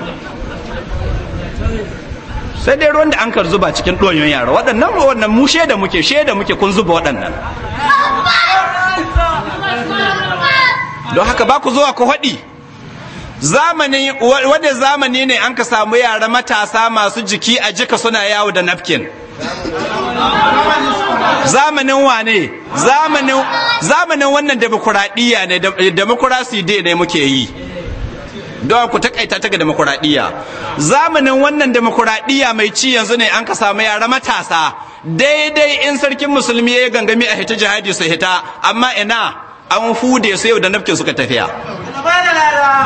sai dai ruwan da an kar zuba cikin ɗonyon yara waɗannan waɗannan mu da muke da muke kun zuba waɗannan don haka ba ku zuwa ku haɗi zamani wanda zamani ne an ka samu yara matasa masu jiki a jika suna yawo da napkin zamanin wane zamanin zamanin wannan demokuraɗiyya ne demokurasi dai ne muke yi don ku takaita ta ga demokuraɗiyya zamanin wannan demokuraɗiyya mai ci yanzu ne an ka samu yara matasa daidai in sarkin musulmi ya gangami a hita jihadi su hita amma ina an fude su yau da nafkin suka tafiya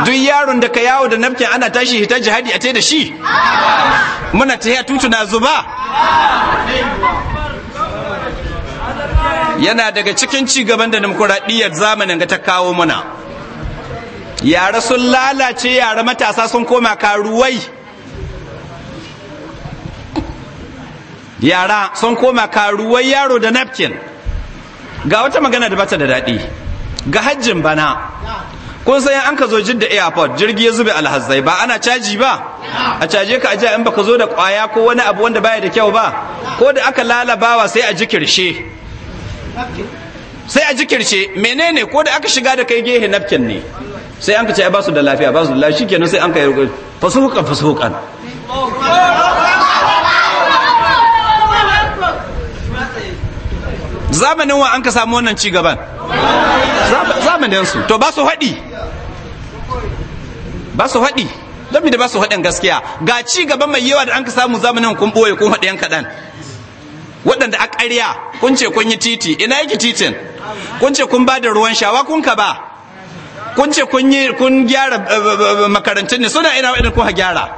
duk yaron da ka yawo da nafkin ana tashi hita jihadi a da shi muna ta tutuna zuba yana daga cikin cigaban da demokuraɗiyyar zamanin ga ta kawo muna yara sun lalace yara matasa sun koma karuwai yara sun koma karuwai yaro da napkin ga wata magana da bata da daɗi ga hajjin bana kun san an ka zo jidda airport jirgi ya zube alhazzai ba ana caji ba a caje ka ajiya in baka zo da kwaya ko wani abu wanda baya da kyau ba ko da aka lalabawa sai a ji sai a ji menene ko da aka shiga da kai gehe napkin ne sai an ka ce ba su da lafiya ba su da lafiya shikenan sai an ka yi fasuhukan fasuhukan zamanin wa an ka samu wannan ci gaban zamanin su to ba su haɗi ba su haɗi don da ba su haɗin gaskiya ga ci gaban mai yawa da an ka samu zamanin kun ɓoye kun haɗe yan kaɗan waɗanda a ƙarya kun ce kun yi titi ina yake titin kun ce kun ba da ruwan shawa kun ka ba kun ce kun yi kun gyara eh, eh, eh, makarantun ne suna ina waɗanda kun ha gyara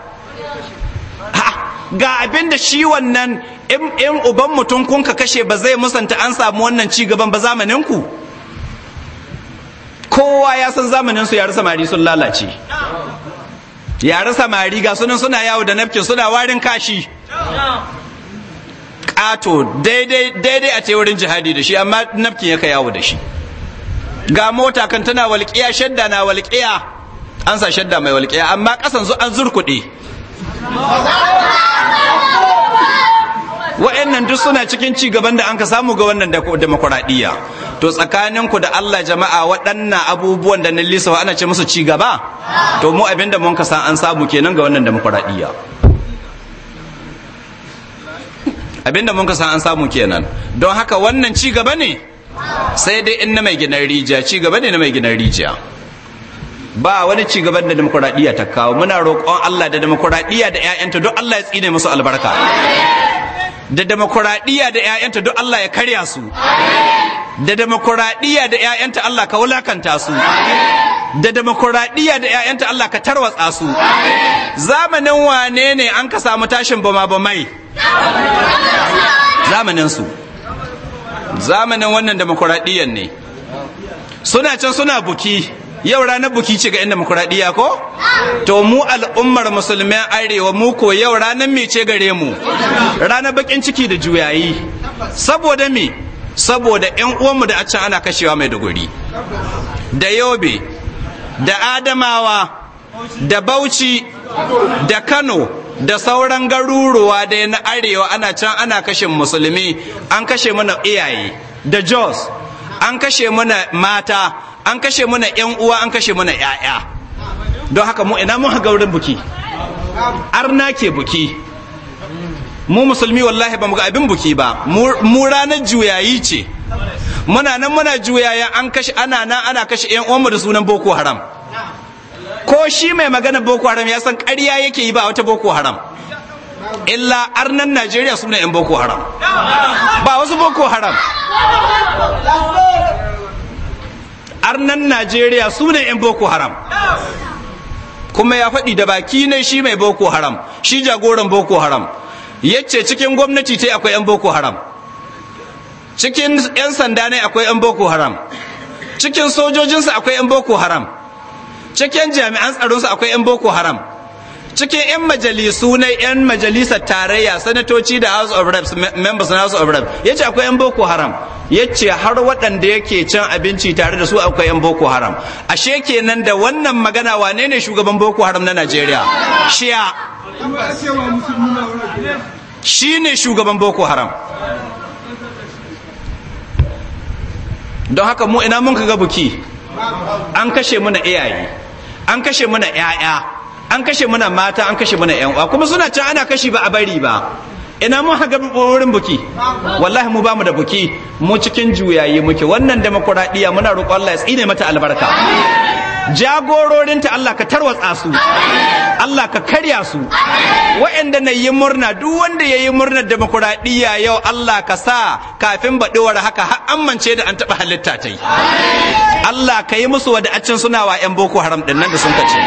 ga abin da shi wannan in uban mutum kun ka kashe ba zai musanta an samu wannan ci gaban ba zamanin ku kowa ya san zamanin su yare samari sun lalace yare samari ga sunan suna yawo da nafkin suna warin kashi ƙato daidai a ce wurin jihadi da shi amma nafkin ya ka yawo da shi ga mota kan tana walƙiya shadda na walƙiya an sa shadda mai walƙiya amma ƙasan an zurkuɗe wa'annan duk suna cikin ci gaban da an ka samu ga wannan demokuraɗiyya to tsakanin ku da Allah jama'a waɗannan abubuwan da na lisa ana ce musu ci gaba to mu abin da mun ka san an samu kenan ga wannan demokuraɗiyya abin da mun ka san an samu kenan don haka wannan ci gaba ne sai dai in na mai ginar rijiya ci gaba ne na mai ginar rijiya ba wani ci gaban da demokuraɗiyya ta kawo muna roƙon Allah da demokuraɗiyya da 'ya'yanta don Allah ya tsine musu albarka da demokuraɗiyya da 'ya'yanta duk Allah ya karya su da demokuraɗiyya da 'ya'yanta Allah ka wulakanta su da demokuraɗiyya da 'ya'yanta Allah ka tarwatsa su zamanin wane ne an ka samu tashin bama-bamai zamanin su zamanin wannan demokuraɗiyyan ne suna can suna buki yau ranar buki ce ga yan demokuraɗiyya ko ah. to mu al'ummar musulmai arewa mu ko yau ranar me ce gare mu ranar bakin ciki da juyayi saboda me saboda yan uwanmu da a can ana kashewa mai duguri da yobe da adamawa da bauchi da kano da sauran garuruwa da na arewa ana can ana kashe musulmi an kashe mana iyaye da jos an kashe mana mata an kashe muna yan uwa an kashe muna yaya don haka mu ina mun ga wurin buki arna ke buki mu musulmi wallahi ba mu ga abin buki ba mu ranar juyayi ce muna nan muna juyaya an kashe ana nan ana kashe yan mu da sunan boko haram ko shi mai magana boko haram ya san ƙarya yake yi ba wata boko haram illa arnan najeriya suna yan boko haram ba wasu boko haram har nan najeriya su ne 'yan boko haram kuma ya faɗi da baki ne shi mai boko haram shi jagoran boko haram yace cikin gwamnati ta akwai 'yan boko haram cikin 'yan sanda ne akwai 'yan boko haram cikin sojojinsa akwai 'yan boko haram cikin jami'an tsaron tsaronsa akwai 'yan boko haram cikin 'yan majalisu na 'yan majalisar tarayya sanatoci da house of reps members na house of reps ya ce akwai 'yan boko haram ya ce har waɗanda yake cin abinci tare da su akwai 'yan boko haram ashe kenan da wannan magana wane ne shugaban boko haram na najeriya shiya shi ne shugaban boko haram don haka mu ina mun kaga buki an kashe muna iyaye an kashe muna 'ya'ya an kashe muna mata an kashe muna yan uwa kuma suna can ana kashi ba a bari ba ina mun haga wurin buki wallahi mu bamu da buki mu cikin juyayi muke wannan demokradiya muna roƙon Allah ya tsine mata albarka ta Allah ka tarwatsa su Allah ka karya su waɗanda na yi murna duk wanda ya yi murnar demokuraɗiyya yau Allah ka sa kafin baɗuwar haka har an amince da an taɓa halitta ta yi Allah ka yi musu wada'acin suna wa 'yan boko haram ɗin nan da sun kace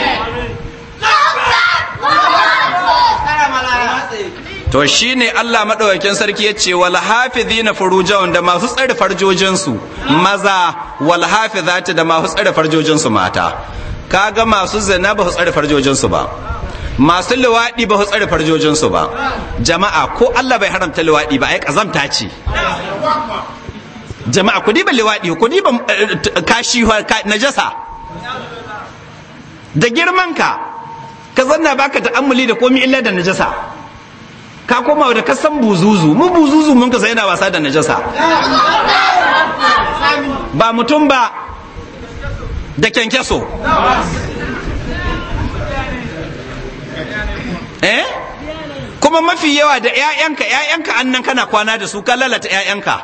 to shi ne Allah maɗaukakin sarki ya ce wal zina furujawan da masu tsare farjojinsu maza wal hafizati da masu tsare farjojinsu mata kaga masu zina ba su tsare farjojinsu ba masu luwaɗi ba su tsare farjojinsu ba jama'a ko Allah bai haramta luwaɗi ba ai ƙazamta ce jama'a ku ba luwaɗi ku ba eh, kashi najasa da girman ka ka zanna baka ta'ammuli da komi illa da najasa ka koma da ka san buzuzu mu buzuzu mun ka yana wasa da najasa ba mutum ba da kyankyaso eh kuma mafi yawa da 'ya'yanka 'ya'yanka annan kana kwana da su ka lalata 'ya'yanka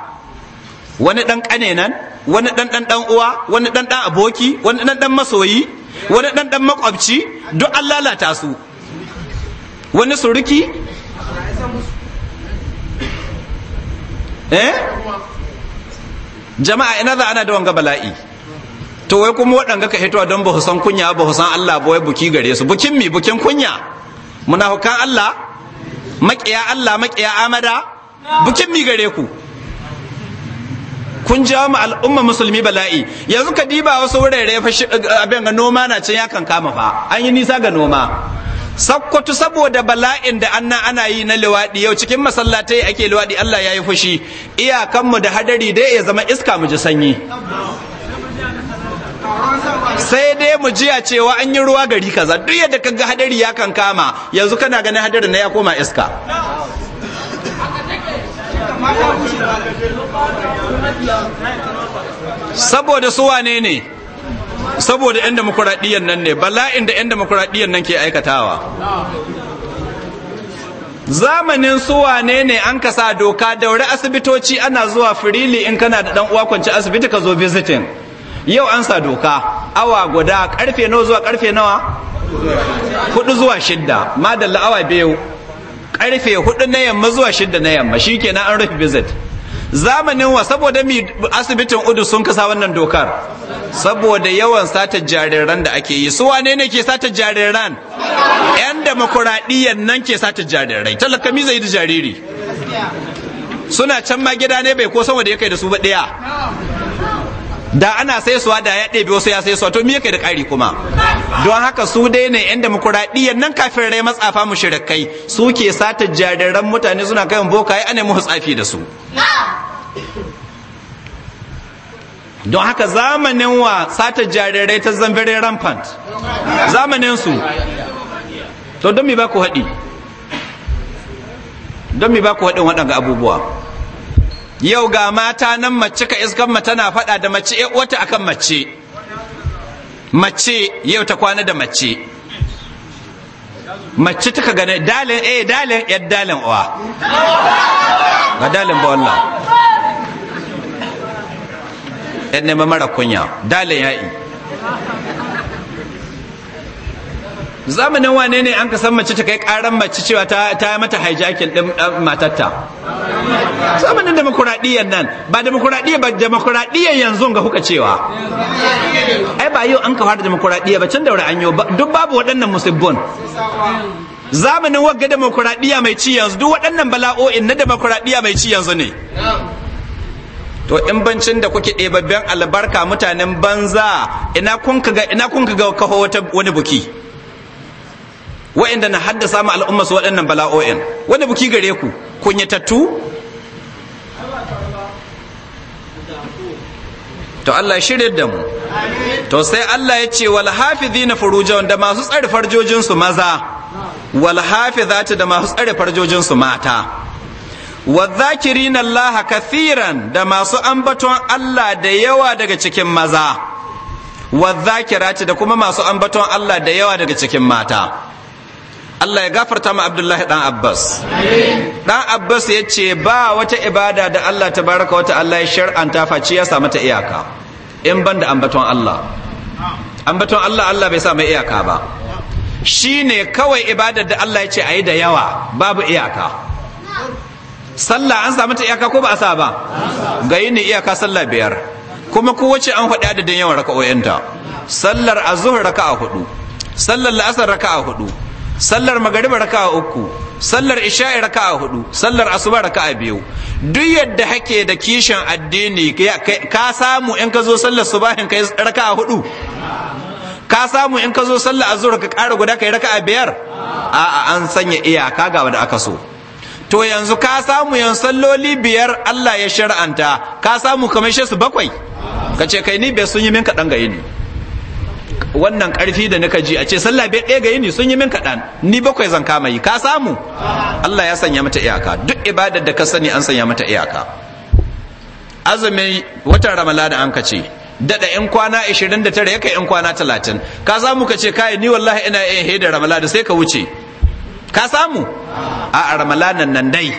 wani ɗan ƙane nan wani ɗan ɗan uwa wani ɗan ɗan aboki wani ɗan ɗan masoyi wani dan dan makwabci duk an lalata su wani suruki eh jama'a ina za ana da wanga bala'i to wai kuma waɗanga ka hitowa don ba san kunya ba san Allah ba wai buki gare su bukin mi bukin kunya hukan Allah maƙiya Allah maƙiya amada bukin mi gare ku kun jawo mu al'umma musulmi bala'i yanzu ka diba wasu wurare eh, abin ga noma na can ya kan kama fa an yi nisa ga noma sakkwato saboda bala'in da anna ana yi na liwaɗi yau cikin masallatai ake liwaɗi Allah ya yi fushi iyakanmu da hadari dai ya zama iska mu ji sanyi sai dai mu jiya cewa an yi ruwa gari kaza duk yadda kaga hadari ya kan kama yanzu kana ganin hadarin na ya koma iska saboda su wane ne saboda 'yan demokuraɗiyyar nan ne bala'in da 'yan demokuraɗiyyar nan ke aikatawa zamanin su wane ne an kasa doka daure asibitoci ana zuwa firili in kana da dan uwa asibiti ka zo visitin. yau an sa doka awa guda karfe nawa zuwa karfe nawa hudu zuwa shidda madalla awa biyu karfe hudu na yamma zuwa shida na yamma shikenan an rufe visit zamanin wa saboda mi asibitin udu sun kasa wannan dokar saboda yawan sata jariran da ake yi su wane ne ke sata jariran yan demokuraɗiyyar nan ke sata jarirai talakami zai da jariri suna can ma gida ne bai ko sama da ya kai da su ba ɗaya da ana sai suwa da ya ɗebe wasu ya sai suwa to me yake da ƙari kuma don haka su dai ne yan demokuraɗiyyar nan kafin rai matsafa mu shirikai su ke sata jariran mutane suna kayan boka ya ana mu tsafi da su don haka zamanin wa sata jarirai ta zambirin rampant zamanin su to don mi ba ku haɗi don mi ba ku haɗin waɗanga abubuwa yau ga mata nan mace ka iskan mata na faɗa da mace e eh, wata akan mace mace yau ta kwana da mace mace ta ka gane dalin eh dalin yar dalin uwa ga dalin ba wallah yan neman mara kunya dalin ya'i zamanin wane ne an ka san mace ta kai karan mace cewa ta ta mata hijacking din matatta zamanin demokuraɗiyyar nan ba demokuraɗiyya ba demokuraɗiyyar yanzu ga kuka cewa ai ba yau an ka fara demokuraɗiyya ba can daura an yi duk babu waɗannan musibbon zamanin wagga demokuraɗiyya mai ci yanzu duk waɗannan bala'o'in na demokuraɗiyya mai ci yanzu ne to in bancin da kuke ɗebabben albarka mutanen banza ina kun ka ga wata wani buki wa'inda na haddasa mu al'umma su waɗannan bala'o'in wanda buki gare ku kunyatattu to Allah shirye da mu to sai Allah ya ce wal hafizina furujawan da masu tsare farjojin su maza wal hafizati da masu tsare farjojin su mata wadhakirin Allah kathiran da masu ambaton Allah da yawa daga cikin maza wadhakirati da kuma masu ambaton Allah da yawa daga cikin mata Allah ya gafarta ma Abdullahi dan Abbas dan Abbas ya ce ba wata ibada da Allah baraka wata Allah ya shar'anta face ya samu ta iyaka in ban da ambaton Allah ambaton Allah Allah bai samu iyaka ba shine kawai ibadar da Allah ya ce ayi da yawa babu iyaka sallah an samu ta iyaka ko ba a sa ba ga yin iyaka sallah biyar kuma kowace an faɗi adadin yawan raka'o'inta sallar azhar raka'a hudu sallar la'asar raka'a hudu sallar magariba a uku sallar isha'i a hudu sallar asuba a biyu duk yadda hake da kishin addini ka samu in ka zo sallar subahin kai raka'a hudu ka samu in ka zo sallar azhar ka kara guda ka raka raka'a biyar a'a an sanya iyaka ga wanda aka so to yanzu ka samu yan salloli biyar Allah ya shar'anta ka samu kamar shi su bakwai ka ce kai ni bai sun yi min kaɗan ga ne wannan karfi da nika ji a ce sallah bai ɗaya ga yini sun yi min kaɗan ni bakwai zan kama yi ka samu Allah ya sanya mata iyaka duk ibadar da ka sani an sanya mata iyaka azumi watan ramalana an kace dada in kwana 29 kai in kwana 30 ka samu ka ce kai ni wallahi ina iya heda ramalana sai ka wuce ka samu a ramalanan nan dai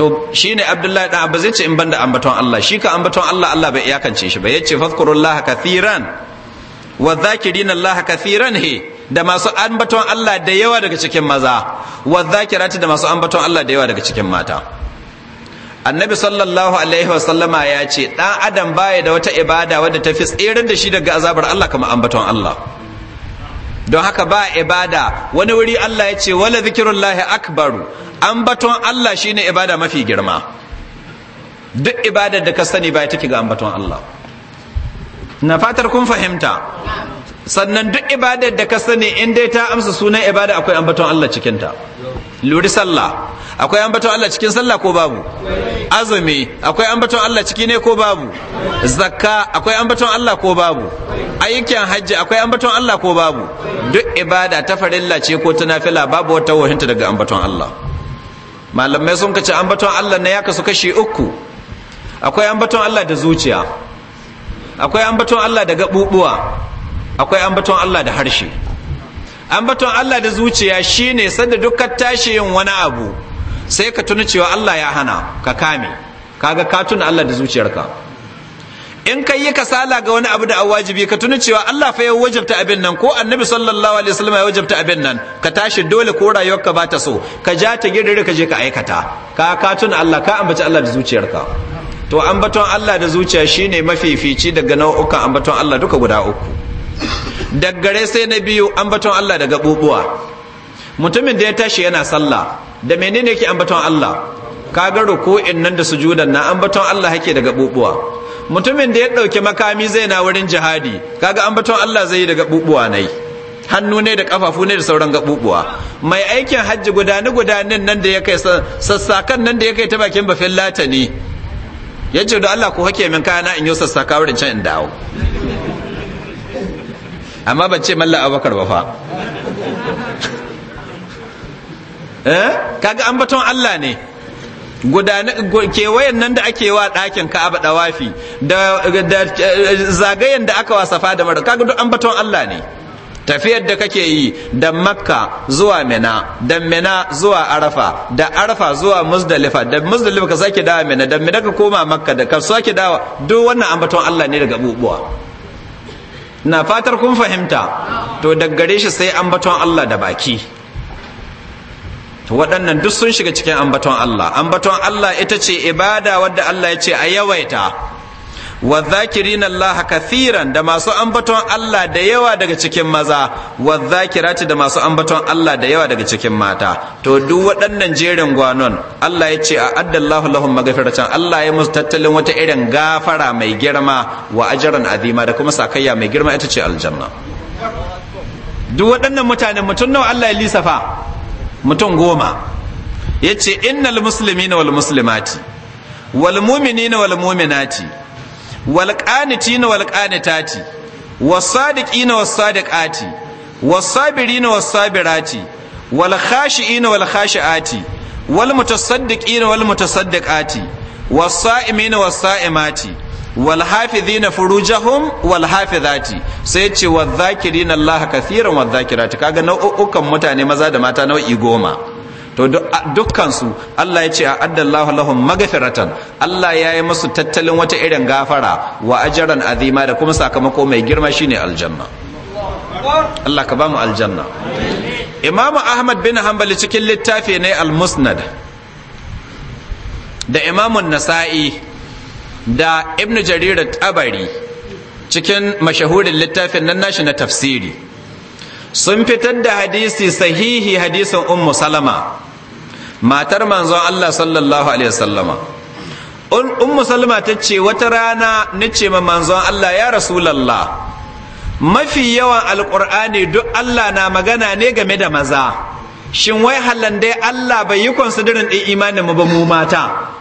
to shine abdullahi dan abba zai ce in banda ambaton Allah shi ka ambaton Allah Allah bai iyakance shi ba yace fadhkurullah kathiran wa dhakirina Allah kathiran he da masu ambaton Allah da yawa daga cikin maza wa dhakirati da masu ambaton Allah da yawa daga cikin mata annabi sallallahu alaihi wa sallama ya ce dan adam baya da wata ibada wadda ta fi tseren da shi daga azabar Allah kamar ambaton Allah don haka ba ibada wani wuri Allah ya ce wala lahi akbaru ambaton Allah shine ibada mafi girma duk ibadar da ka sani ba take ga ambaton Allah na fatar kun fahimta sannan duk ibadar da ka sani in dai ta amsa sunan ibada akwai ambaton Allah cikinta luri sallah akwai ambaton Allah cikin sallah ko babu azumi akwai ambaton Allah ciki ne ko babu zakka akwai ambaton Allah ko babu ayyukan hajji akwai ambaton Allah ko babu duk ibada ta farilla ce ko ta nafila babu wata wahinta daga ambaton Allah malamai sun kace ambaton Allah na ya kasu kashi uku akwai ambaton Allah da zuciya akwai ambaton Allah da gabubuwa akwai ambaton Allah da harshe ambaton Allah da zuciya shine sanda dukkan tashi yin wani abu sai ka tuna cewa Allah ya hana ka kame kaga ka tuna Allah da zuciyarka in kai yi kasala ga wani abu da wajibi ka tuna cewa Allah fa ya wajabta abin nan ko annabi sallallahu alaihi wasallam ya wajabta abin nan ka tashi dole ko rayuwarka ba ta so ka ja ta girire ka je ka aikata ka ka tuna Allah ka ambaci Allah da zuciyarka to ambaton Allah da zuciya shine mafifici daga nau'ukan ambaton Allah duka guda uku daggare sai na biyu ambaton Allah da bubuwa mutumin da ya tashi yana sallah da menene yake ambaton Allah ka ga ruku'in nan da sujudan na ambaton Allah yake da bubuwa mutumin da ya dauki makami zai na wurin jihadi kaga ambaton Allah zai yi da nai hannu ne da kafafu ne da sauran gabubuwa mai aikin hajji gudani gudanin nan da ya kai sassakan nan da ya kai ta bakin bafin latani ya ce da Allah ko hake min kayana in yi sassaka wurin can in dawo amma ban ce malla abubakar ba fa eh? kaga ambaton Allah ne kewayen nan da ake wa ɗakin ka'aba ɗawafi da zagayen da aka wasa safa da mara kaga duk ambaton Allah ne tafiyar da kake yi da makka zuwa mina da mina zuwa arafa da arafa zuwa muzdalifa da muzdalifa ka sake dawa mina da mina ka koma makka da ka sake dawa duk wannan ambaton Allah ne daga bubuwa. na fatar kun fahimta to daga gare shi sai ambaton Allah da baki waɗannan duk sun shiga cikin ambaton Allah ambaton Allah ita ce ibada wadda Allah ya ce a yawaita wa zakirina Allah kathiran da masu ambaton Allah da yawa daga cikin maza wa zakirati da masu ambaton Allah da yawa daga cikin mata to duk waɗannan jerin gwanon Allah ya ce a addallahu lahum magfiratan Allah ya musu tattalin wata irin gafara mai girma wa ajran azima da kuma sakayya mai girma ita ce aljanna duk waɗannan mutanen mutum nawa Allah ya lisafa mutum goma yace innal muslimina wal muslimati wal mu'minina wal mu'minati wal qanitina wal qanitati was sadiqina was sadiqati was sabirina was sabirati wal furujahum wal sai ce wa dhakirina Allah kathiran wa dhakirati kaga nau'ukan mutane maza da mata nau'i goma to dukkansu Allah ya ce a addallahu lahum magfiratan Allah ya yi musu tattalin wata irin gafara wa ajran azima da kuma sakamako mai girma shine aljanna Allah ka ba mu aljanna Imam Ahmad bin Hanbali cikin littafi ne al-Musnad da Imam Nasa'i da Ibn Jarir at-Tabari cikin mashahurin littafin nan nashi na tafsiri sun fitar da hadisi sahihi hadisin ummu salama matar manzon Allah sallallahu alaihi wasallama ummu salama ta ce wata rana ce ma manzon Allah ya rasulullah mafi yawan alkur'ani duk Allah na magana ne game da maza shin wai hallan Allah bai yi konsidirin din imanin mu ba mu mata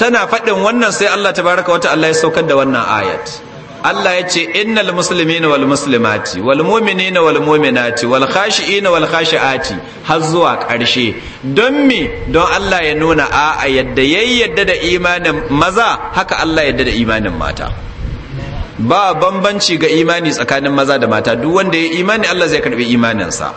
tana faɗin wannan sai Allah tabaraka wata Allah ya saukar da wannan ayat Allah ya ce innal muslimina wal muslimati wal mu'minina wal mu'minati wal khashiina wal khashiati har zuwa ƙarshe don me don Allah ya nuna a a yadda yayi yadda da imanin maza haka Allah yadda da imanin mata ba bambanci ga imani tsakanin maza da mata duk wanda ya imani Allah zai karbi imaninsa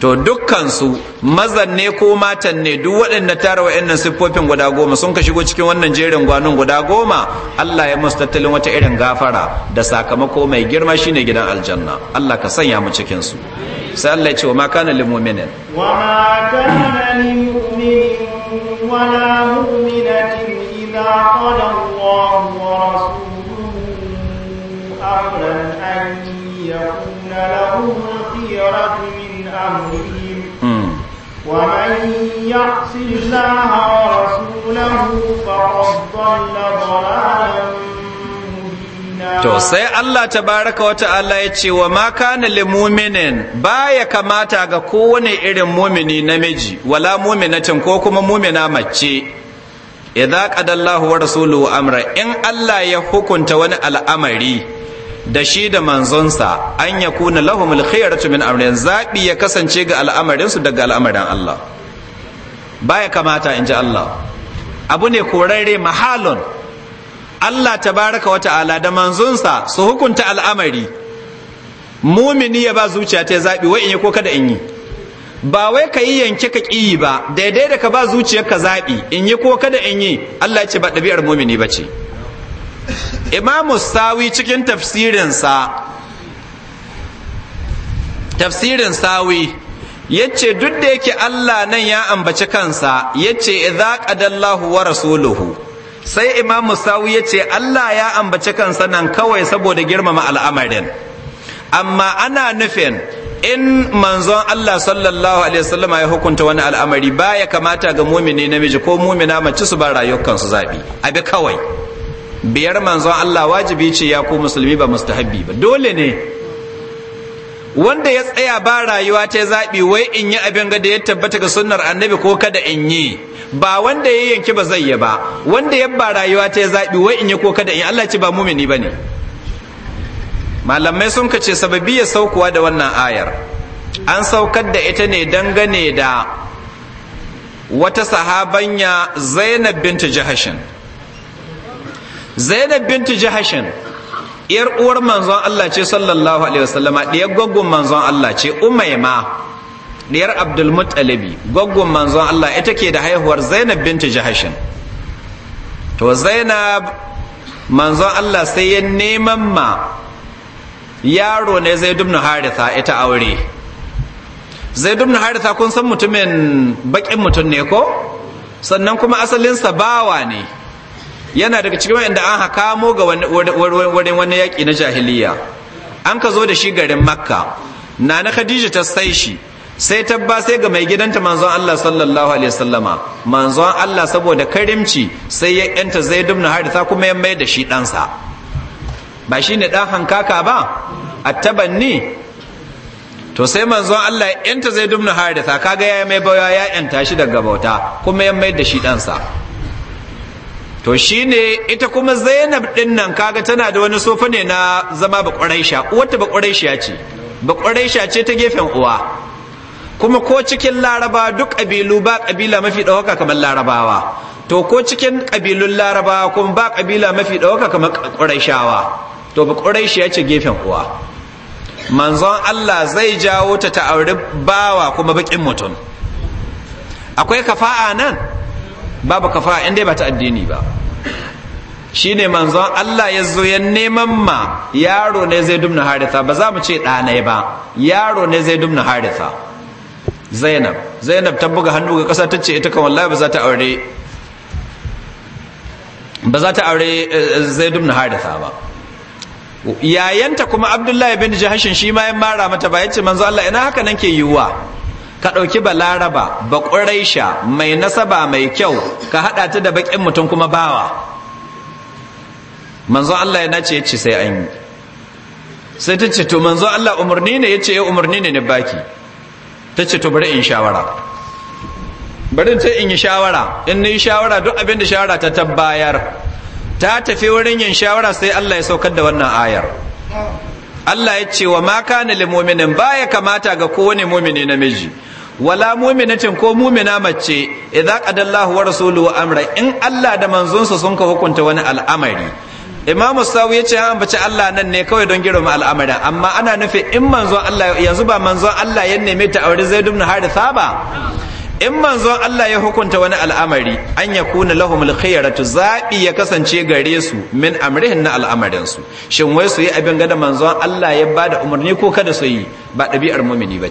to dukkansu mazan ne ko matan ne duk waɗanda tara wa'annan siffofin guda goma sun ka shigo cikin wannan jerin gwanon guda goma Allah ya musu tattalin wata irin gafara da sakamako mai girma shine gidan aljanna Allah ka sanya mu cikin su sai Allah ya ce wa ma kana lil mu'minin wa ma kana lil mu'minin wa la mu'minatin idza qala Allah wa rasuluhu amran an yakuna lahum Tosai Allah ta baraka wata To sai Allah baraka wa ta'ala ya ce wa ma kana lil mu'minin baya kamata ga kowane irin mumini namiji wala mu'minatin ko kuma mumina mace idza qadallahu wa rasuluhu amra in Allah ya hukunta wani al'amari da shi da manzonsa an ya kuna lahumul khiyaratu min amrin zaɓi ya kasance ga al'amarin su daga al'amarin Allah baya kamata in ji Allah abu ne korarre mahalon Allah tabaraka wa ta'ala da manzonsa su hukunta al'amari mumini ya ba zuciya ta zabi wai in yi ko kada in yi ba wai ka yi yanke ka ƙi ba daidai da ka ba zuciyarka zaɓi in yi ko kada in yi Allah ce ba ɗabi'ar mumini ba ce imam sawi cikin tafsirinsa tafsirin sawi yace duk da yake Allah nan ya ambaci kansa yace idza qadallahu wa rasuluhu sai imam sawi yace Allah ya ambaci kansa nan kawai saboda girmama al'amarin amma ana nufin in manzon Allah sallallahu alaihi wasallam ya hukunta wani al'amari baya kamata ga mumini namiji ko mumina mace su ba rayukan su zabi abi kawai biyar manzon Allah wajibi ce ya ku musulmi ba mustahabbi ba dole ne wanda ya tsaya ba rayuwa ta zaɓi wai in yi abin ga da ya tabbata ga sunnar annabi ko kada in yi ba wanda ya yanki ba zai yi ba wanda ya ba rayuwa ta zaɓi wai in yi ko kada in yi Allah ce ba mumini ba ne malamai sun kace sababi ya saukuwa da wannan ayar an saukar da ita ne dangane da wata sahabanya zainab binta jahashin zainab bintu jahashin yar uwar manzon Allah ce sallallahu alaihi wasallama da gwaggon manzon Allah ce umayma diyar abdul muttalibi gwaggon manzon Allah ita ke da haihuwar zainab bintu jahashin to zainab manzon Allah sai ya neman ma yaro ne zai dubna haritha ita aure zai dubna haritha kun san mutumin bakin mutum ne ko sannan kuma asalinsa bawa ne yana daga cikin wanda an hakamo ga wani wani yaƙi na jahiliya an ka zo da shi garin makka na na khadija ta sai shi sai tabba sai ga mai gidanta manzon Allah sallallahu alaihi wasallama manzon Allah saboda karimci sai ya yanta zaid ibn haritha kuma ya mai da shi sa ba shine dan hankaka ba attabanni to sai manzon Allah ya yanta zaid ibn haritha kaga ya mai baya ya yanta shi daga bauta kuma ya mai da shi ɗansa to shine ita kuma zainab din nan kaga tana da wani sofa ne na zama ba ƙwaraisha uwarta ba ce ba ce ta gefen uwa kuma ko cikin laraba duk ƙabilu ba ƙabila mafi ɗauka kamar larabawa to ko cikin ƙabilun Laraba kuma ba ƙabila mafi ɗauka kamar ƙwaraishawa to ba ce gefen uwa manzon Allah zai jawo ta ta auri bawa kuma baƙin mutum akwai kafa'a nan babu kafa in dai ba ta addini ba Shi ne manzon Allah ya zo ya neman ma yaro ne zai dumna haritha ba za mu ce ɗanai ba yaro ne zai dumna haritha zainab zainab ta buga hannu ga ƙasa ta ce ita kan wallahi ba za ta aure ba za ta aure eh, zai dumna haritha ba yayanta kuma abdullahi bin jahashin shi ma ya mara mata ba ya ce manzo Allah ina haka nan ke yiwuwa ka ɗauki balaraba ba ƙuraisha mai nasaba mai kyau ka haɗa ta da baƙin mutum kuma bawa manzo Allah ya nace ya ce sai an yi sai ta ce to manzo Allah umarni ne ya ce ya eh, umarni ne na baki ta ce to bari in shawara bari ta in yi shawara in ni shawara duk abin da shawara ta tabbayar ta tafi wurin yin shawara sai Allah ya saukar da wannan ayar Allah ya ce wa ma kana lil mu'minin baya kamata ga kowane mu'mini namiji wala mu'minatin ko mu'mina mace idza qadallahu wa rasuluhu amra in Allah da manzonsa sun ka hukunta wani al'amari Imam Sawi ya ce an bace Allah nan ne kawai don girma al'amarin amma ana nufi in manzon Allah yanzu ba manzon Allah ya neme ta aure Zaid ibn Haritha ba in manzon Allah ya hukunta wani al'amari an ya kuna lahumul khiyaratu zaɓi ya kasance gare su min amrihin na al'amarin su, shin wai su yi abin gada manzon Allah ya bada umarni ko kada su yi ba ɗabi'ar mumini ba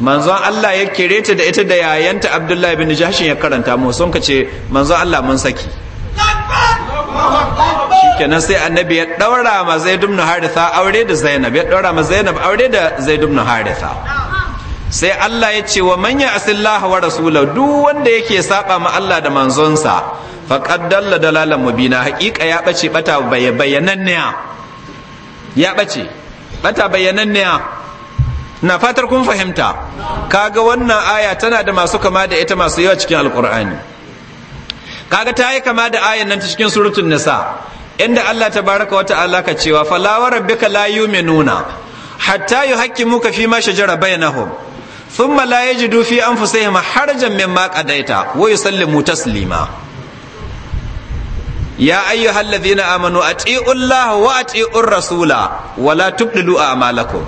manzon Allah ya kere ta da ita da yayanta Abdullahi bin Jahshin ya karanta mu sun kace manzon Allah mun saki shikenan sai annabi ya daura ma Zaid ibn Haritha aure da Zainab ya daura ma Zainab aure da Zaid ibn Haritha sai Allah ya ce wa manya asillaha wa rasulahu duk wanda yake saba ma Allah da manzonsa faqad dalla dalalan mubina haqiqa ya bace bata bayananniya ya bace bata bayyananniya. na fatar kun fahimta kaga wannan aya tana da masu kama da ita masu yawa cikin alkur'ani kaga ta yi kama da ayan nan ta cikin surutun nisa inda Allah ta baraka wata alaka cewa falawa rabbika la yu'minuna hatta yuhaqqimuka fi ma shajara bainahum thumma la yajidu fi anfusihim harajan mimma qadaita wa yusallimu taslima يا أيها الذين wa أطيعوا الله وأطيعوا الرسول ولا a أعمالكم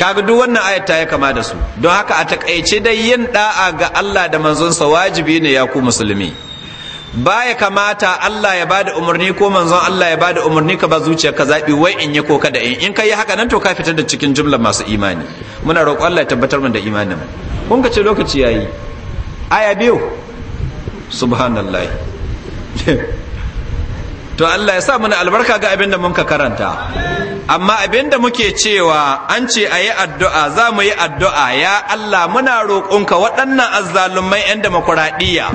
kaga duk wannan ayat ta ya kama da su don haka a takaice dai yin da'a ga Allah da manzonsa wajibi ne ya ku musulmi Ba ya kamata Allah ya bada umarni ko manzon Allah ya bada umarni ka ba zuciya ka zabi wai in yi ko kada in in kai haka nan to ka fitar da cikin jumla masu imani muna roƙo Allah ya tabbatar mana da imanin kun ka ce lokaci yayi aya biyu subhanallah [LAUGHS] to Allah ya sa mana albarka ga abin da mun ka karanta amma abinda muke cewa an ce a yi addu'a za mu yi addu'a ya Allah muna roƙonka waɗannan azzalumai 'yan demokuraɗiyya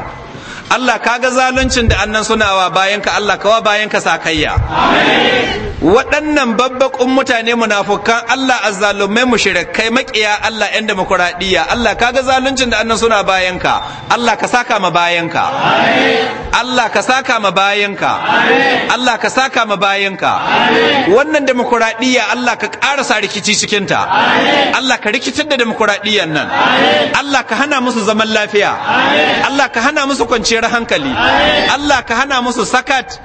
Allah ka ga zaluncin da annan wa bayan ka Allah kawa bayan ka sakayya waɗannan babbakun mutane munafukan Allah azzalumai mushrikai makiya Allah yan demokuraɗiyya Allah ka ga zaluncin da annan suna bayan ka Allah ka saka ma bayan ka Allah ka saka ma bayan ka Allah ka saka ma bayan ka wannan demokuraɗiyya Allah ka ƙarasa rikici cikin ta Allah ka rikitar da demokuraɗiyyan nan Allah ka hana musu zaman lafiya Allah ka hana musu kwanci kwanciyar hankali Allah ka hana musu sakat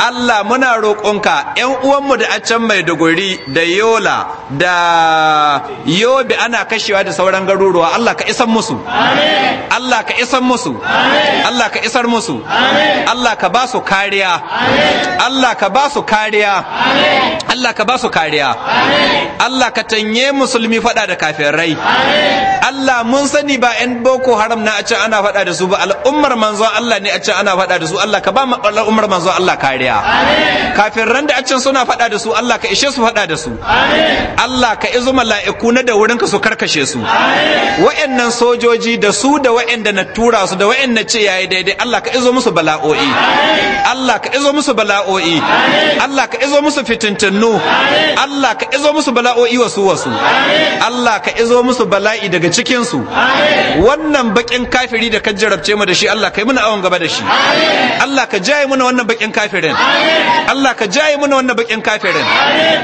Allah muna roƙonka ƴan uwanmu da a can Maiduguri da Yola da Yobe ana kashewa da sauran garuruwa Allah ka isan musu Allah ka isan musu Allah ka isar musu Allah ka ba su kariya Allah ka ba su kariya Allah ka ba su kariya Allah ka tanye musulmi fada da kafirai Allah mun sani ba 'yan boko haram na a can ana fada da su ba al'ummar manzon Allah ne a can ana faɗa da su Allah ka ba umar manzon Allah kariya kafin ran da a can suna faɗa da su Allah ka ishe su faɗa da su Allah ka izo mala'iku na da wurin ka su karkashe su wa'annan sojoji da su da wa'anda na tura su da wa'anda ce yayi daidai Allah ka izo musu bala'o'i Allah ka izo musu bala'o'i Allah ka izo musu fitintinu Allah ka izo musu bala'o'i wasu wasu Allah ka izo musu bala'i daga cikin su wannan bakin kafiri da ka jarabce mu da shi Allah kai muna awon gaba da shi Allah ka jaye muna wannan bakin kafirin Allah ka jaye muna wannan bakin kafirin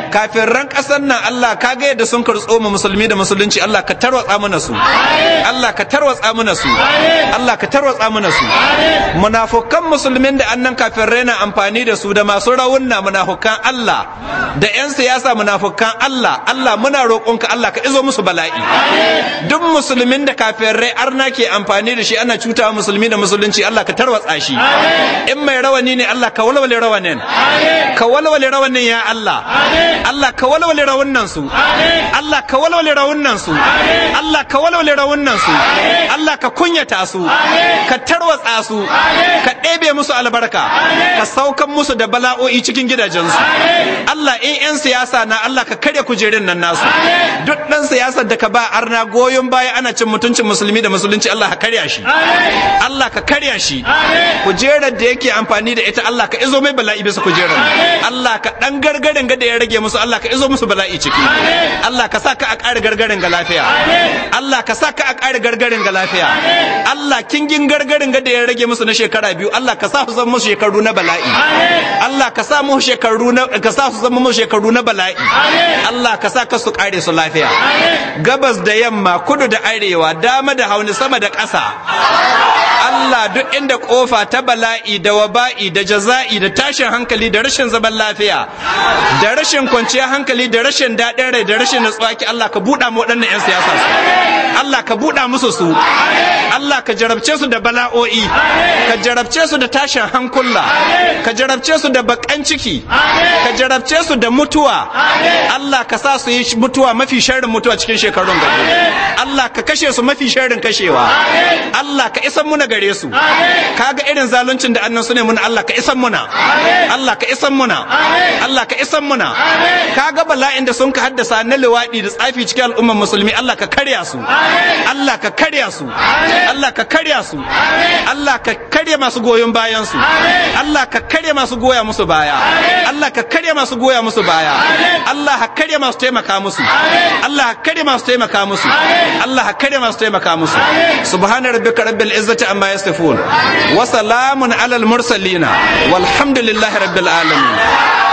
kafirran kasan nan Allah ka ga yadda sun karso mu musulmi da musulunci Allah ka tarwatsa muna su Allah ka tarwatsa muna su Allah ka tarwatsa muna su munafukan musulmin da annan kafirrai na amfani da su da masu rawunna munafukan Allah da yan siyasa munafukan Allah Allah muna roƙonka Allah ka izo musu bala'i duk musulmin da kafirrai arna ke amfani da shi ana cuta musulmi da musulmi musulunci Allah ka tarwatsa shi in mai rawani ne Allah ka walwale rawanin ka walwale rawanin ya Allah Allah ka walwale rawunan su Allah ka walwale rawunan su Allah ka walwale rawunan su Allah ka kunyata su ka tarwatsa su ka ɗebe musu albarka ka saukan musu da bala'o'i cikin gidajen su. Allah in 'yan siyasa na Allah ka karya kujerin nan nasu duk ɗan siyasar da ka ba arna goyon baya ana cin mutuncin musulmi da musulunci Allah ka karya shi Allah ka karya shi kujerar da yake amfani da ita Allah ka izo mai bala'i bisa kujerar Allah ka dan gargarin ga da ya rage musu Allah ka izo musu bala'i ciki Allah ka sa ka a ƙara gargarin ga lafiya Allah ka sa ka a ƙara gargarin ga lafiya Allah kingin gargarin ga da ya rage musu na shekara biyu Allah ka sa su zama musu shekaru na bala'i Allah ka sa mu shekaru na ka sa su zama musu shekaru na bala'i Allah ka sa ka su ƙare su lafiya gabas da yamma kudu da arewa dama da hauni sama da ƙasa Allah duk inda kofa ta bala'i da waba'i da jaza'i da tashin hankali da rashin zaman lafiya da rashin kwanciyar hankali da rashin daɗin rai da rashin natsuwa ki Allah ka buɗa mu waɗannan 'yan siyasa su Allah ka buɗa musu su Allah ka jarabce su da bala'o'i ka jarabce su da tashin hankula ka jarabce su da bakan ciki ka jarabce su da mutuwa Allah ka sa su yi mutuwa mafi sharrin mutuwa cikin shekarun gaba Allah ka kashe su mafi sharrin kashewa Allah ka isa muna gare su su kaga irin zaluncin da annan su ne muna Allah ka isan muna Allah ka isan muna Allah ka isan muna kaga bala'in da sun ka haddasa na liwadi da tsafi cikin al'ummar musulmi Allah ka karya su Allah ka karya su Allah ka karya su Allah ka karya masu goyon bayan su Allah ka karya masu goya musu baya Allah ka karya masu goya musu baya Allah ka karya masu taimaka musu Allah ka karya masu taimaka musu Allah ka karya masu taimaka musu subhana rabbika rabbil izzati amma yasifun yasifun wa salamun alal mursalina walhamdulillahi rabbil alamin